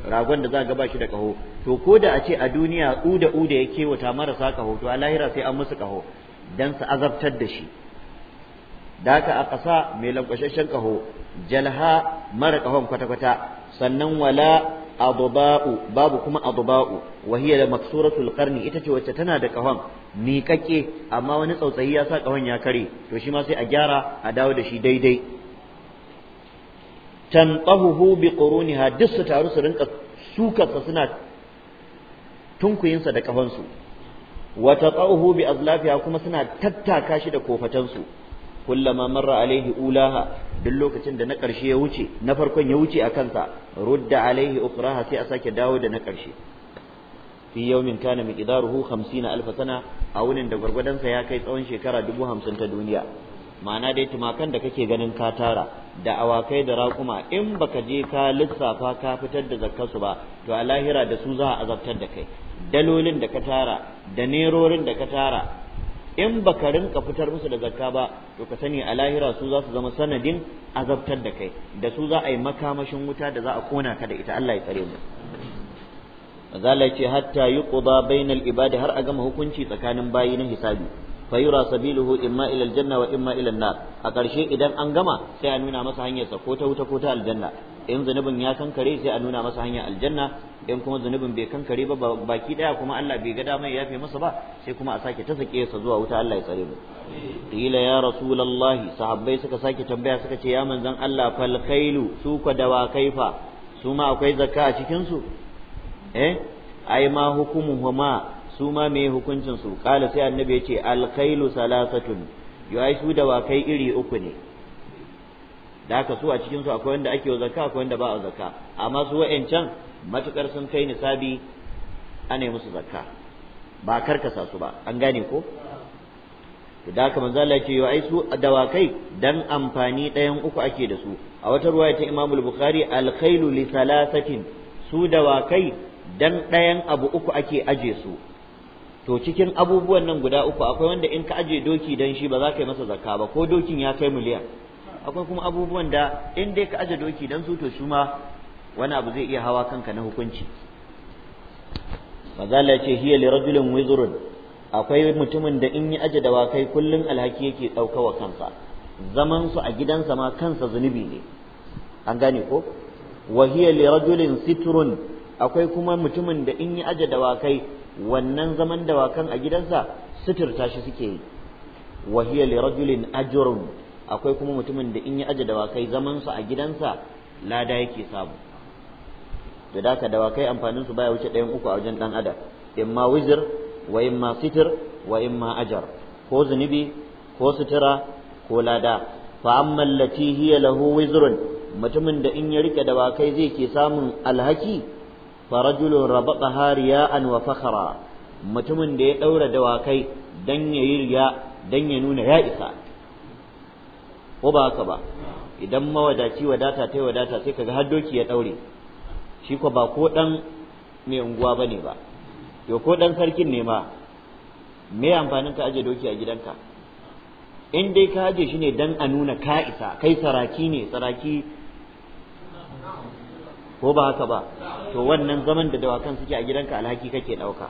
ragon da za ga shi da kaho to ko da a ce a duniya uda uda ya kewata marasa kaho to a lahira sai an musu kaho dan su azabtar da shi da haka a ƙasa mai lankwashashen kaho jalha mara kahon kwata-kwata sannan wala adubau babu kuma adubau wa hiya da maksuratul qarni ita ce wacce tana da kahon miƙaƙe amma wani tsautsayi ya sa kahon ya kare to shi ma sai a gyara a dawo da shi daidai tanqahuhu bi quruniha duk su taru su rinka sukarsa suna tunkuyinsa da kafansu wa taqahu bi azlafiha kuma suna tattaka shi da kofatansu kullama marra alaihi ulaha duk lokacin da na ƙarshe ya wuce na farkon ya wuce a kansa rudda alaihi ukraha sai a sake dawo da na karshe fi yawmin kana miqdaruhu 50 alf sana a wurin da gwargwadon sa ya kai tsawon shekara 50 ta duniya ma'ana dai tumakan da kake ganin ka tara da awakai da raƙuma in baka je ka lissafa ka fitar da zakkarsu ba to a lahira da su za a azabtar da kai dalolin da ka tara da nerorin da ka tara in baka rinka fitar musu da zakka ba to ka sani a lahira su za su zama sanadin azabtar da kai da su za a yi makamashin wuta da za a kona ka da ita Allah ya tsare mu zala hatta yuqda bainal ibadi har a gama hukunci tsakanin bayi na hisabi fayura sabiluhu imma ila aljanna wa imma ila a ƙarshe idan an gama sai a nuna masa hanyarsa ko ta wuta ko ta aljanna in zunubin ya kankare sai a nuna masa hanyar aljanna in kuma zunubin bai kankare ba baki ɗaya kuma Allah bai ga damar yafe masa ba sai kuma a sake ta sake zuwa wuta Allah ya tsare mu qila ya rasulullahi sahabbai suka sake tambaya suka ce ya manzon Allah fal khailu su ka dawa kaifa su ma akwai zakka a cikinsu. su eh ai ma hukumu huma su ma me hukuncin su kala sai annabi ya ce alkhailu salasatun yai su dawakai iri uku ne da haka su a cikin su akwai wanda ake zakka akwai wanda ba a zakka amma su wa'ancan matukar sun kai nisabi ana musu zakka ba karkasa su ba an gane ko da haka manzo Allah ya ce ai su dawakai dan amfani ɗayan uku ake da su a wata ruwaya ta Imam Bukhari al-khailu li salasatin su dawakai dan ɗayan abu uku ake aje su to cikin abubuwan nan guda uku akwai wanda in ka aje doki dan shi ba za ka yi masa zakka ba ko dokin ya kai miliyan akwai kuma abubuwan da in dai ka aje doki dan su to su ma wani abu zai iya hawa kanka na hukunci mazala ce hiya li rajulin wizrun akwai mutumin da in yi aje dawakai kullun alhaki yake ɗauka wa kansa zaman su a gidansa ma kansa zunubi ne an gane ko wa hiya li rajulin sitrun akwai kuma mutumin da in yi aje dawakai wannan zaman dawakan a gidansa suturta shi suke yi wa hiya li rajulin ajrun akwai kuma mutumin da in ya aje dawakai zaman su a gidansa lada yake samu to da dawakai amfanin su baya wuce ɗayan uku a wajen dan adam ma wizir wa in ma sitir wa in ma ajar ko zunubi ko sutura ko lada fa amma allati hiya lahu wizrun mutumin da in ya rike dawakai zai ke samun alhaki farajulun rabataha ya wa fakhara mutumin da ya daura dawakai dan yayi riya dan ya nuna ya isa ko ba idan mawadaci wadata ta wadata sai kaga har ya daure shi ko ba ko dan mai unguwa bane ba to ko dan sarkin ne ma me amfanin ka aje doki a gidanka in dai ka aje shi ne dan a nuna ka isa kai saraki ne saraki ko ba haka ba to wannan zaman da dawakan suke a gidanka alhaki kake ɗauka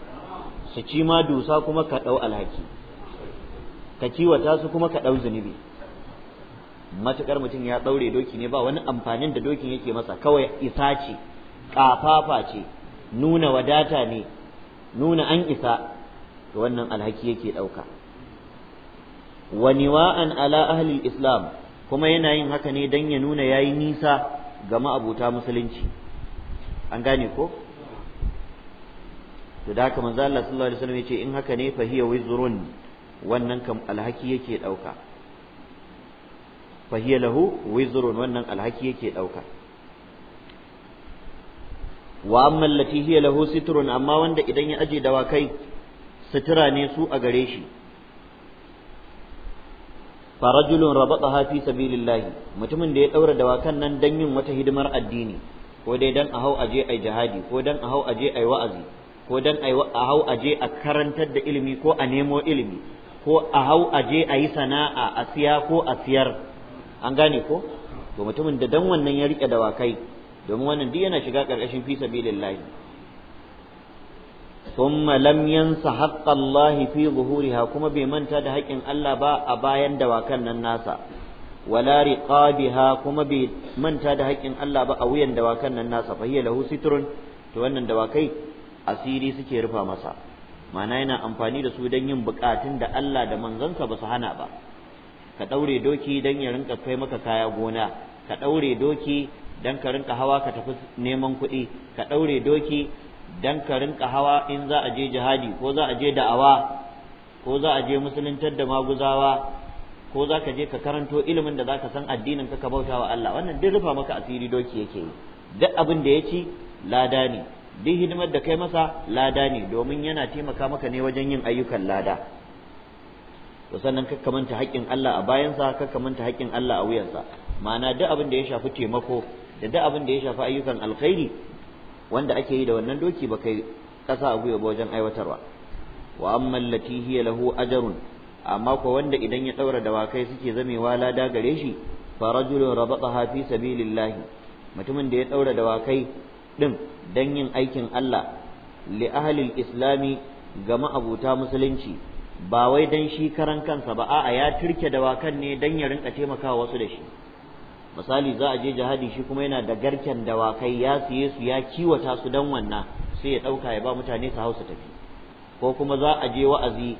su ci ma dusa kuma ka ɗau alhaki ka kiwata su kuma ka ɗau zunubi matukar mutum ya ɗaure doki ne ba wani amfanin da dokin yake masa kawai isa ce ƙafafa ce nuna wadata ne nuna an isa to wannan alhaki yake ɗauka wa niwa'an ala ahli islam kuma yana yin haka ne don ya nuna yayi nisa ga ma'abuta musulunci an gane ko to da haka manzo Allah sallallahu alaihi wasallam yace in haka ne fa hiya wizrun wannan kam alhaki yake dauka fa hiya lahu wizrun wannan alhaki yake dauka wa amma allati hiya lahu sitrun amma wanda idan ya aje dawakai sutura ne su a gare shi farajulun rabataha fi sabilillah mutumin da ya daura dawakan nan dan yin wata hidimar addini ko dai dan a hau aje ai jihadi ko dan a hau aje ai wa'azi ko dan a hau aje a karantar da ilimi ko a nemo ilimi ko a hau aje a sana'a a siya ko a siyar an gane ko to mutumin da dan wannan ya rike dawakai domin wannan duk yana shiga karkashin fi sabilillah ثم لم ينس حق fi في kuma bai manta da haƙƙin Allah ba a bayan dawakan nan nasa wala riqabiha kuma bai manta da haƙƙin Allah ba a wuyan dawakan nan nasa sitrun wannan dawakai asiri suke rufa masa mana yana amfani da su don yin bukatun da Allah da manzansa ba su hana ba ka ɗaure doki don ya rinka kai maka kaya gona ka ɗaure doki don ka rinka hawa ka tafi neman kuɗi ka ɗaure doki dan ka rinka hawa in za a je jihadi ko za a je da'awa ko za a je musuluntar da maguzawa ko za ka je ka karanto ilimin da za ka san addinin ka ka bauta wa Allah wannan duk rufa maka asiri doki yake yi duk abin da ya ci lada ne duk hidimar da kai masa lada ne domin yana taimaka maka ne wajen yin ayyukan lada to sannan kakka manta haƙƙin Allah a bayansa kakka manta haƙƙin Allah a wuyansa ma'ana duk abin da ya shafi taimako da duk abin da ya shafi ayyukan alkhairi wanda ake yi da wannan doki ba kai ƙasa a gwiwa wajen aiwatarwa wa amma allati hiya lahu ajrun amma ko wanda idan ya daura dawakai suke zamewa lada gare shi fa rajulun rabataha fi sabilillah mutumin da ya daura dawakai din dan yin aikin Allah li ahli islami ga ma'abuta musulunci ba wai dan shi karan kansa ba a'a ya turke dawakan ne dan ya rinka taimakawa wasu da shi misali za a je jihadi shi kuma yana da garken dawakai ya siye su ya kiwata su dan wannan sai ya ɗauka ya ba mutane su hausa tafi ko kuma za a je wa'azi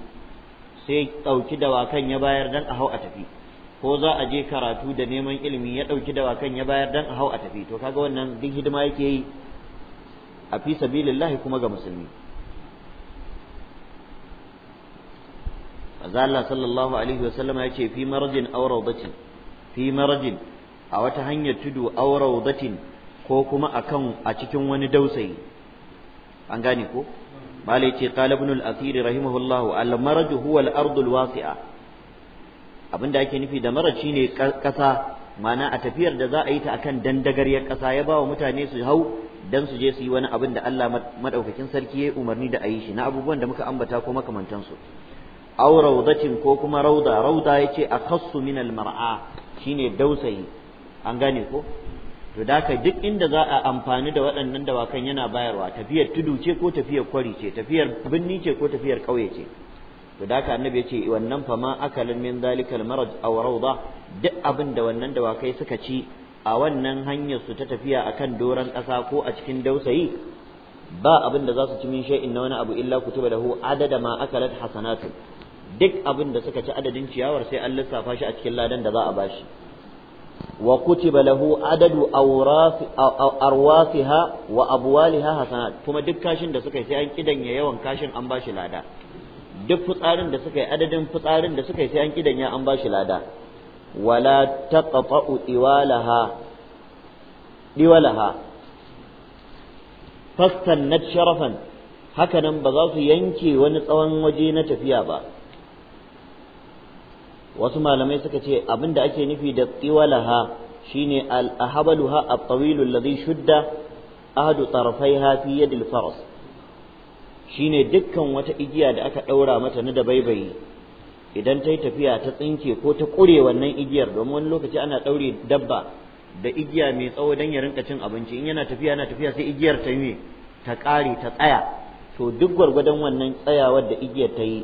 sai ɗauki dawakan ya bayar dan a hau a tafi ko za a je karatu da neman ilimi ya ɗauki dawakan ya bayar dan a hau a tafi to kaga wannan duk hidima yake yi a fi sabilillahi kuma ga musulmi Azza Allah sallallahu alaihi wasallam ya ce fi marjin aw rawdatin fi marjin a wata hanyar tudu aw ko kuma akan a cikin wani dausayi an gane ko malai ce qala ibn al-athir rahimahullahu al-maraj huwa al-ard al-wasi'a abinda ake nufi da maraj shine kasa ma'ana a tafiyar da za a yi ta akan ya kasa ya bawa mutane su hau dan su je su yi wani abin da Allah madaukakin sarki ya umarni da a yi shi na abubuwan da muka ambata ko makamantansu aw rawdatin ko kuma rauda rauda yace akhassu min al-mar'a shine dausayi an gane ko to da ka duk inda za a amfani da waɗannan dawakan yana bayarwa tafiyar tudu ce ko tafiyar kwari ce tafiyar binni ce ko tafiyar ƙauye ce to da ka annabi ya ce wannan fama akalin min zalikal marad aw rawda duk abin da wannan dawakai suka ci a wannan hanyar su ta tafiya akan doran ƙasa ko a cikin dausayi ba abin da za su ci min shay'in na wani abu illa kutuba lahu adada ma akalat hasanatu duk abin da suka ci adadin ciyawar sai an lissafa shi a cikin ladan da za a bashi wa kutiba lahu adadu arwasiha wa abwaliha hasanat kuma duk kashin da suka yi sai an kidanya yawan kashin an bashi lada duk fitsarin da suka yi adadin fitsarin da suka yi sai an kidanya an bashi lada wala taqta'u iwalaha diwalaha fastannat sharafan hakanan ba za su yanke wani tsawon waje na tafiya ba wasu malamai suka ce abin da ake nufi da tsiwalaha shine al-ahabaluha at-tawilu alladhi shudda ahadu tarafaiha fi yadil faras shine dukkan wata igiya da aka ɗaura mata na dabaibayi idan ta yi tafiya ta tsinke ko ta ƙure wannan igiyar domin wani lokaci ana ɗaure dabba da igiya mai tsawo don ya rinka cin abinci in yana tafiya yana tafiya sai igiyar ta yi ta ƙare ta tsaya to duk gwargwadon wannan tsayawar da igiyar ta yi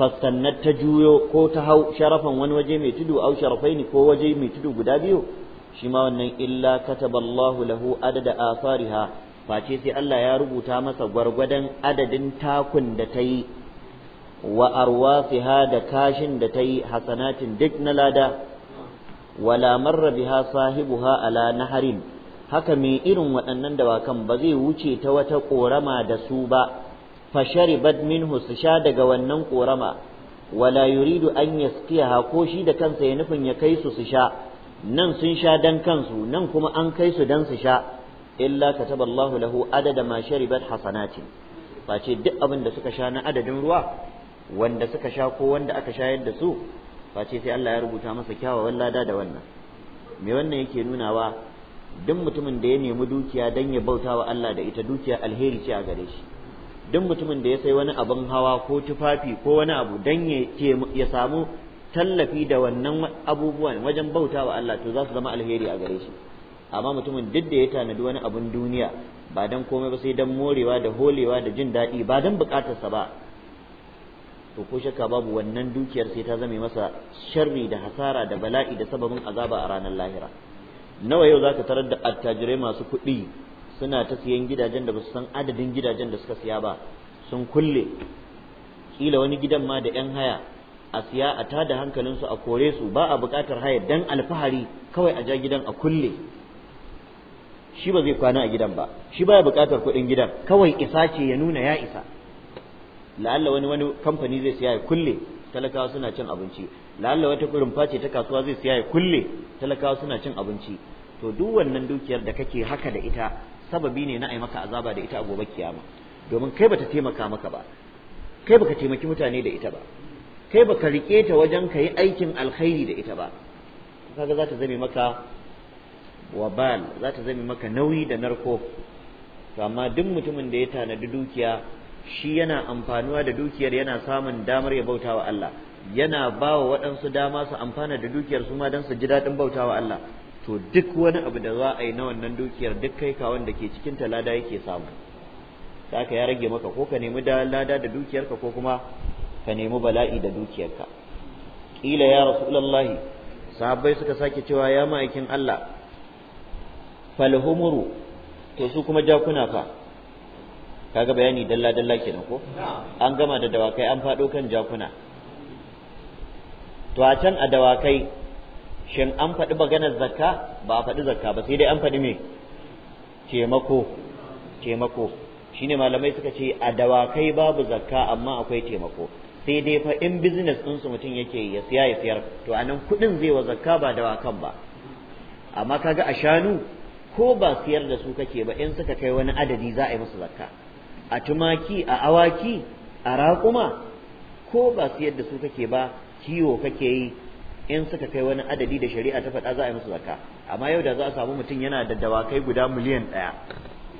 fassannar ta juyo ko ta hau sharafan wani waje mai tudu au sharafaini ko waje mai tudu guda biyu shi ma wannan illa kataballahu lahu adada asariha face sai Allah ya rubuta masa gwargwadon adadin takun da ta yi wa arwasiha da kashin da ta yi hasanatin duk na lada wala marra biha sahibuha ala naharin haka mai irin waɗannan dawakan ba zai wuce ta wata ƙorama da su ba fasharibat minhu su sha daga wannan korama wala yuridu an yasqiyaha ko shi da kansa ya nufin ya kai su su sha nan sun sha dan kansu nan kuma an kai su dan su sha illa Allahu lahu adada ma sharibat hasanatin face duk abin da suka sha na adadin ruwa wanda suka sha ko wanda aka shayar da su face sai Allah ya rubuta masa kyawawan lada da wannan me wannan yake nunawa duk mutumin da ya nemi dukiya dan ya bauta wa Allah da ita dukiya alheri ce a gare shi duk mutumin da ya sai wani abin hawa ko tufafi ko wani abu dan ya samu tallafi da wannan abubuwan wajen bauta wa Allah to za su zama alheri a gare shi amma mutumin duk da ya tanadi wani abin duniya ba dan komai ba sai dan morewa da holewa da jin daɗi ba dan buƙatarsa ba to ko shakka babu wannan dukiyar sai ta zame masa sharri da hasara da bala'i da sababin azaba a ranar lahira nawa yau zaka tarar da attajirai masu kuɗi suna ta siyan gidajen da ba su san adadin gidajen da suka siya ba sun kulle kila wani gidan ma da 'yan haya a siya a ta tada hankalinsu a kore su ba a buƙatar haya dan alfahari kawai a ja gidan a kulle shi ba zai kwana a gidan ba shi ba ya buƙatar kuɗin gidan kawai isa ce ya nuna ya isa la'alla wani wani kamfani zai siya ya kulle talakawa suna cin abinci la'alla wata kurin face ta kasuwa zai siya ya kulle talakawa suna cin abinci to duk wannan dukiyar da kake haka da ita sababi ne na ai maka azaba da ita a gobe kiyama domin kai bata taimaka maka ba kai baka taimaki mutane da ita ba kai baka rike ta wajen ka yi aikin alkhairi da ita ba kaga za ta zame maka wabal za ta zame maka nauyi da narko to amma duk mutumin da ya tanadi dukiya shi yana amfanuwa da dukiyar yana samun damar ya bauta wa Allah yana ba wa waɗansu dama su amfana da dukiyar su ma don su ji daɗin bauta wa Allah to duk wani abu da za a yi na wannan dukiyar duk kai ka wanda ke cikin ta lada yake samu da ya rage maka ko ka nemi da lada da dukiyarka ko kuma ka nemi bala'i da dukiyarka kila ya rasulullahi sahabbai suka sake cewa ya ma'aikin Allah falhumuru to su kuma jakuna fa kaga bayani dalla dalla kenan ko an gama da dawakai an fado kan jakuna to a can a dawakai shin an faɗi maganar zakka ba a faɗi zakka ba sai dai an faɗi me taimako taimako shine malamai suka ce a dawakai babu zakka amma akwai taimako sai dai fa in business ɗinsu mutum yake ya siya ya siyar to anan kuɗin zai wa zakka ba dawakan ba amma ga a shanu ko ba siyar da su kake ba in suka kai wani adadi za a yi musu zakka a tumaki a awaki a raƙuma ko ba siyar da su kake ba kiwo kake yi in suka kai wani adadi da shari'a ta faɗa za a yi musu zakka amma yau da za a samu mutum yana da dawakai guda miliyan ɗaya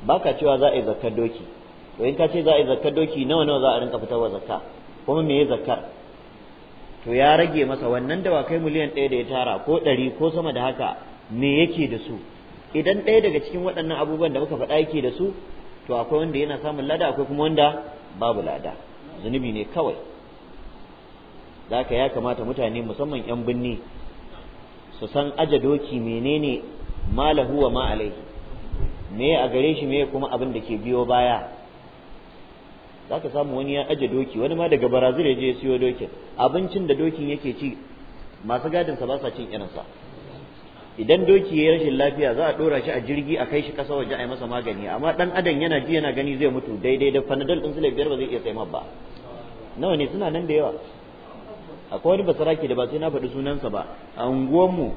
baka cewa za a yi zakkar doki to in ka ce za a yi zakkar doki nawa nawa za a rinka fitarwa zakka kuma me ya zakkar to ya rage masa wannan dawakai miliyan ɗaya da ya tara ko ɗari ko sama da haka me yake da su idan ɗaya daga cikin waɗannan abubuwan da muka faɗa yake da su to akwai wanda yana samun lada akwai kuma wanda babu lada zunubi ne kawai zaka ya kamata mutane musamman 'yan binni su san aja doki menene malahu wa ma alaihi me a gare shi me kuma abin da ke biyo baya za samu wani ya aje doki wani ma daga barazil ya je siyo dokin abincin da dokin yake ci masu gadinsa ba sa cin sa idan doki ya rashin lafiya za a dora shi a jirgi a kai shi kasa waje a yi masa magani amma dan adam yana ji yana gani zai mutu daidai da fanadol din su biyar ba zai iya sai ba nawa ne suna nan da yawa akwai wani basaraki da ba sai na faɗi sunansa ba a unguwanmu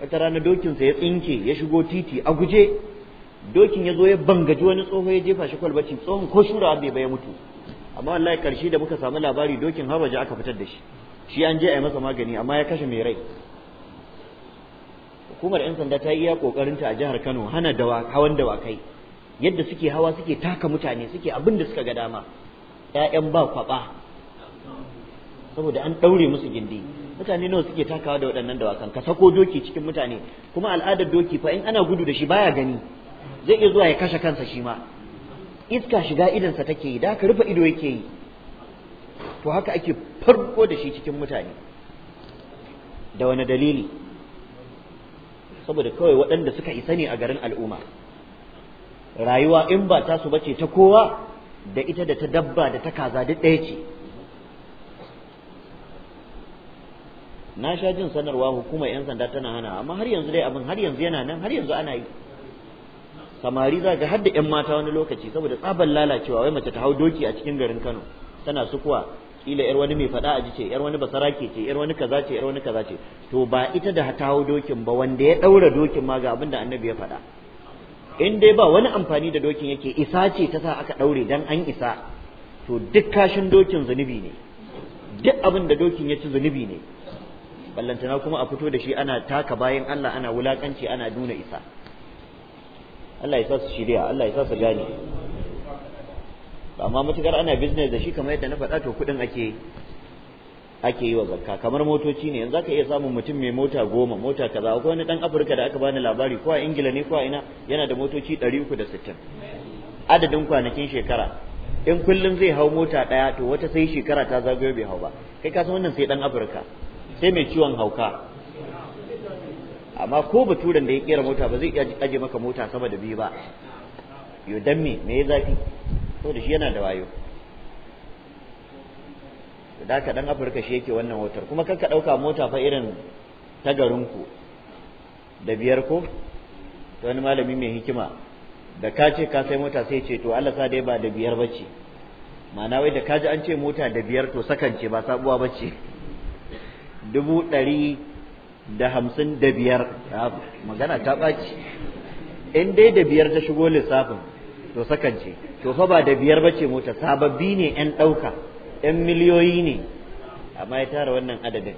wata rana dokinsa ya tsinke ya shigo titi a guje dokin ya zo ya bangaji wani tsoho ya jefa shi kwalbaci tsohon ko shura bai ya mutu amma wallahi karshe da muka samu labari dokin har waje aka fitar da shi shi an je a yi masa magani amma ya kashe mai rai hukumar 'yan sanda ta yi iya kokarinta a jihar Kano hana dawa hawan dawakai yadda suke hawa suke taka mutane suke abin da suka ga dama yayan ba kwaba saboda an ɗaure musu gindi mutane nawa suke takawa da waɗannan dawakan kasa ko doki cikin mutane kuma al'adar doki fa in ana gudu da shi baya gani zai iya zuwa ya kashe kansa shi ma iska shiga idansa take yi da aka rufe ido yake yi to haka ake farko da shi cikin mutane da wani dalili saboda kawai waɗanda suka isa ne a garin al'umma rayuwa in ba ta tasu bace ta kowa da ita da ta dabba da ta kaza duk ɗaya ce na sha jin sanarwa hukumar yan sanda tana hana amma har yanzu dai abin har yanzu yana nan har yanzu ana yi samari za ga hadda yan mata wani lokaci saboda tsaban lalacewa wai mace ta hau doki a cikin garin Kano tana sukuwa kila yar wani mai fada a ce yar wani basarake ce yar wani kaza ce yar wani kaza ce to ba ita da ta hau dokin ba wanda ya daura dokin ma ga abin da annabi ya faɗa in dai ba wani amfani da dokin yake isa ce ta sa aka daure dan an isa to duk kashin dokin zunubi ne duk abin da dokin ya ci zunubi ne ballantana kuma a fito da shi ana taka bayan Allah ana wulakanci ana nuna isa Allah ya sa su shirya Allah ya sa su gane amma matukar ana business da shi kamar yadda na faɗa to kuɗin ake ake yi wa zakka kamar motoci ne yanzu aka iya samun mutum mai mota goma mota kaza akwai wani dan Afirka da aka bani labari ko a Ingila ne ko a ina yana da motoci 360 adadin kwanakin shekara in kullum zai hau mota ɗaya, to wata sai shekara ta zagayo bai hau ba kai ka san wannan sai dan Afirka sai mai ciwon hauka amma ko baturen da ya kera mota ba zai iya aje maka mota sama da biyu ba yo dan me me ya zafi to da shi yana da wayo da ka dan afirka shi yake wannan motar kuma kanka dauka mota fa irin ta garinku da biyar ko ta wani malami mai hikima da ka ce ka sai mota sai ce to Allah sa dai ba da biyar bace ma'ana wai da ka ji an ce mota da biyar to sakance ba sabuwa bace dubu ɗari da hamsin da biyar magana ta ɓaci in dai da biyar ta shigo lissafin to sakan to fa ba da biyar ba ce mota sababbi ne 'yan ɗauka 'yan miliyoyi ne amma ya tara wannan adadin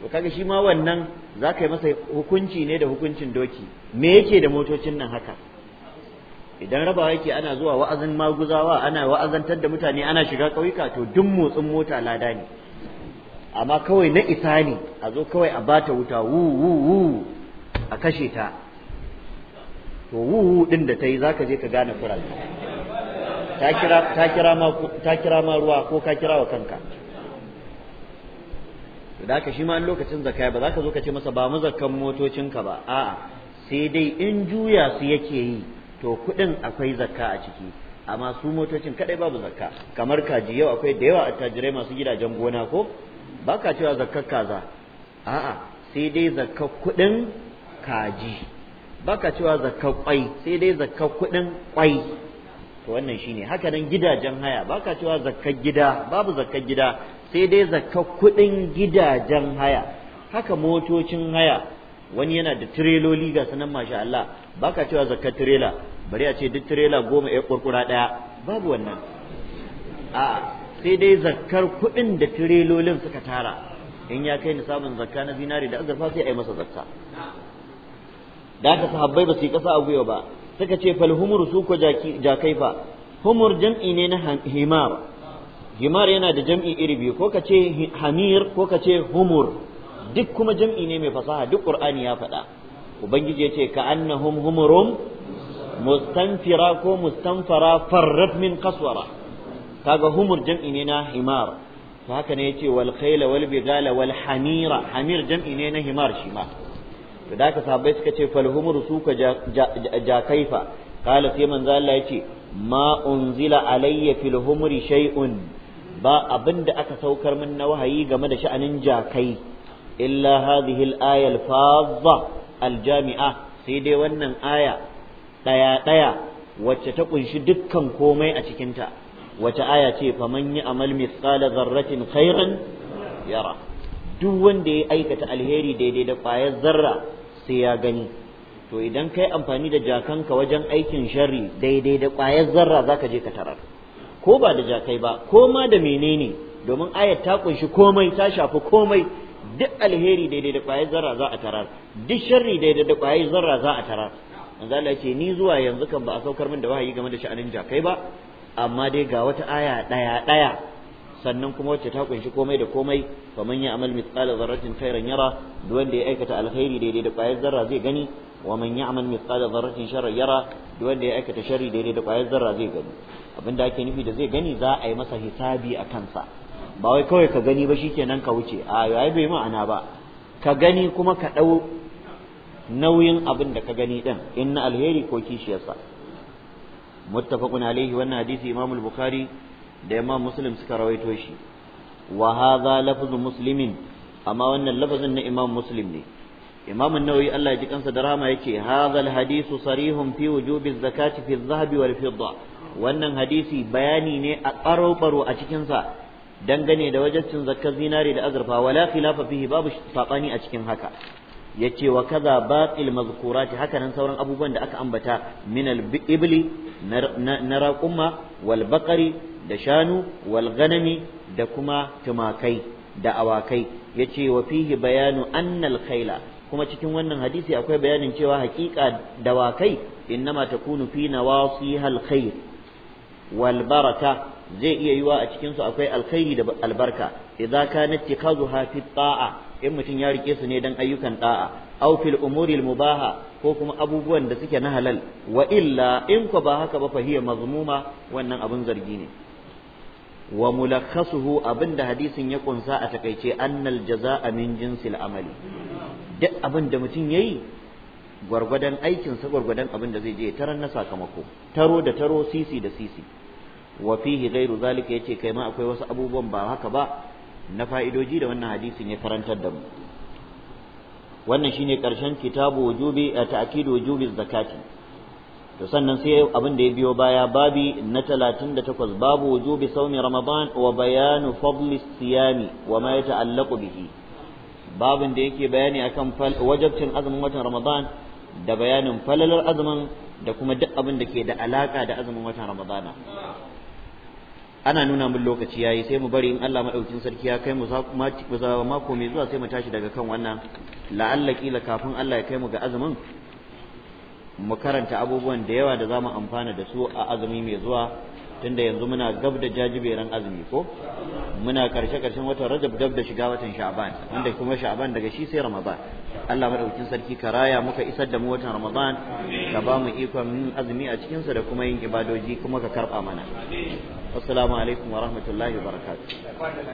to kaga shi ma wannan za ka yi masa hukunci ne da hukuncin doki me yake da motocin nan haka idan rabawa yake ana zuwa wa'azin maguzawa ana wa'azantar da mutane ana shiga ƙauyuka to duk motsin mota lada ne amma kawai na isa ne a zo kawai a bata wuta wu wu wu a kashe ta to wu wu din da ta yi za ka je ka gane furan ta kira ma kira ma ruwa ko ka kira wa kanka da haka shi ma lokacin zakaya ba za ka zo ka ce masa ba mu zakan motocinka ba a'a sai dai in juya su yake yi to kuɗin akwai zakka a ciki amma su motocin kadai babu zakka kamar kaji yau akwai da yawa attajirai masu gidajen gona ko ba ka cewa zakar kaza a'a sai dai zakar kudin kaji ba ka cewa zakar kwai sai dai zakar kudin kwai to wannan shine haka nan gidajen haya ba ka cewa zakar gida babu zakar gida sai dai zakar kudin gidajen haya haka motocin haya wani yana da tireloli ga sanan masha Allah ba ka cewa zakar tirela bari a ce duk tirela goma ya eh, kurkura ɗaya babu wannan a'a sai dai zakkar kuɗin da tirelolin suka tara in ya kai nisabin zakka na zinari da azurfa sai a yi masa zakka da aka sahabbai ba su yi ƙasa a gwiwa ba suka ce fal humur su ko jakai fa humur jam'i ne na himar himar yana da jam'i iri biyu ko ka ce hamir ko ka ce humur duk kuma jam'i ne mai fasaha duk qur'ani ya faɗa ubangiji ya ce ka annahum humurum mustanfira ko mustanfara farrafmin min kaswara kaga humur jam'i ne na himar to haka ne yace wal khayla wal bigala wal hamira hamir jam'i ne na himar shi ma to da ka sahabbai suka ce fal humur suka ja kaifa sai manzo Allah yace ma unzila alayya fil humri shay'un ba abinda aka saukar min na wahayi game da sha'anin jakai illa hadhihi al aya al fadha al jami'a sai dai wannan aya daya daya wacce ta kunshi dukkan komai a cikinta wata aya ce fa man yi amal misqala dharratin khairan yara duk wanda ya aikata alheri daidai da kwayar zarra sai ya gani to idan kai amfani da jakanka wajen aikin sharri daidai da kwayar zarra zaka je ka tarar ko ba da jakai ba ko ma da menene domin ayat ta kunshi komai ta shafi komai duk alheri daidai da kwayar zarra za a tarar duk sharri daidai da kwayar zarra za a tarar manzo Allah ce ni zuwa yanzu kan ba a saukar min da wahayi game da sha'anin jakai ba amma dai ga wata aya ɗaya ɗaya sannan kuma wacce ta kunshi komai da komai fa man ya'mal mithqala dharratin khairan yara duk wanda ya aikata alkhairi daidai da ƙwayar zarra zai gani wa man ya'mal mithqala dharratin sharran yara duk wanda ya aikata sharri daidai da ƙwayar zarra zai gani abinda ake nufi da zai gani za a yi masa hisabi a kansa ba wai kawai ka gani ba shikenan ka wuce a yayi bai ma'ana ba ka gani kuma ka ɗau nauyin abin da ka gani ɗin in na alheri ko kishiyarsa muttafaqun alaihi wannan hadisi Imam al-Bukhari da Imam Muslim suka rawaito shi wa hadha lafzu muslimin amma wannan lafazin na Imam Muslim ne Imam an-Nawawi Allah ya ji kansa da Rahama yace hadha al-hadisu sarihun fi wujubi zakati fi adh-dhahabi wal fidda wannan hadisi bayani ne a ƙaro a cikin sa dangane da wajibcin zakkar zinari da azurfa wala khilafa fihi babu sabani a cikin haka yace wa kaza batil mazkurati haka nan sauran abubuwan da aka ambata min al ibli na raƙuma wal baqari da shanu wal ganami da kuma tumakai da awakai yace wa fihi bayanu annal khaila kuma cikin wannan hadisi akwai bayanin cewa hakika dawakai innama takunu fi nawasiha alkhair wal baraka zai iya yiwa a cikin su akwai alkhairi da albarka idza kana ittikhazuha fi ta'a in mutum ya rike su ne dan ayyukan da'a aw fil umuri al mubaha ko kuma abubuwan da suke na halal wa illa in ko ba haka ba fa hiya mazmuma wannan abun zargi ne wa mulakhasuhu abinda hadisin ya kunsa a takaice annal jaza'a min jinsil amali duk abin da mutum yayi gwargwadon aikin sa gwargwadon abinda zai je taran na sakamako taro da taro sisi da sisi wa fihi ghairu zalika yace kai ma akwai wasu abubuwan ba haka ba na fa'idoji da wannan hadisin ya karantar da mu wannan shine karshen kitabu wujubi eh, ta'kidu wujubi zakati to sannan sai abin da ya biyo baya babi na 38 babu wujubi saumi ramadan wa bayanu fadli siyami wa ma yata'allaqu bihi babin da yake bayani akan wajabcin azumin watan ramadan da bayanin falalar azumin da kuma duk abin da ke da alaka da azumin watan ramadana ana nuna mun lokaci yayi sai mu bari in Allah madaukin sarki ya kai mu mako mai zuwa sai mu tashi daga kan wannan la'alla kila kafin Allah ya kai mu ga azumin mu karanta abubuwan da yawa da zamu amfana da su a azumi mai zuwa tunda yanzu muna gab da jajiberan azumi ko muna karshe karshen watan rajab gab da shiga watan sha'ban inda kuma sha'ban daga shi sai ramadan Allah madaukakin sarki ka raya muka isar da mu watan ramadan ka ba mu ikon yin azumi a cikin sa da kuma yin ibadoji kuma ka karba mana assalamu alaikum wa rahmatullahi wa barakatuh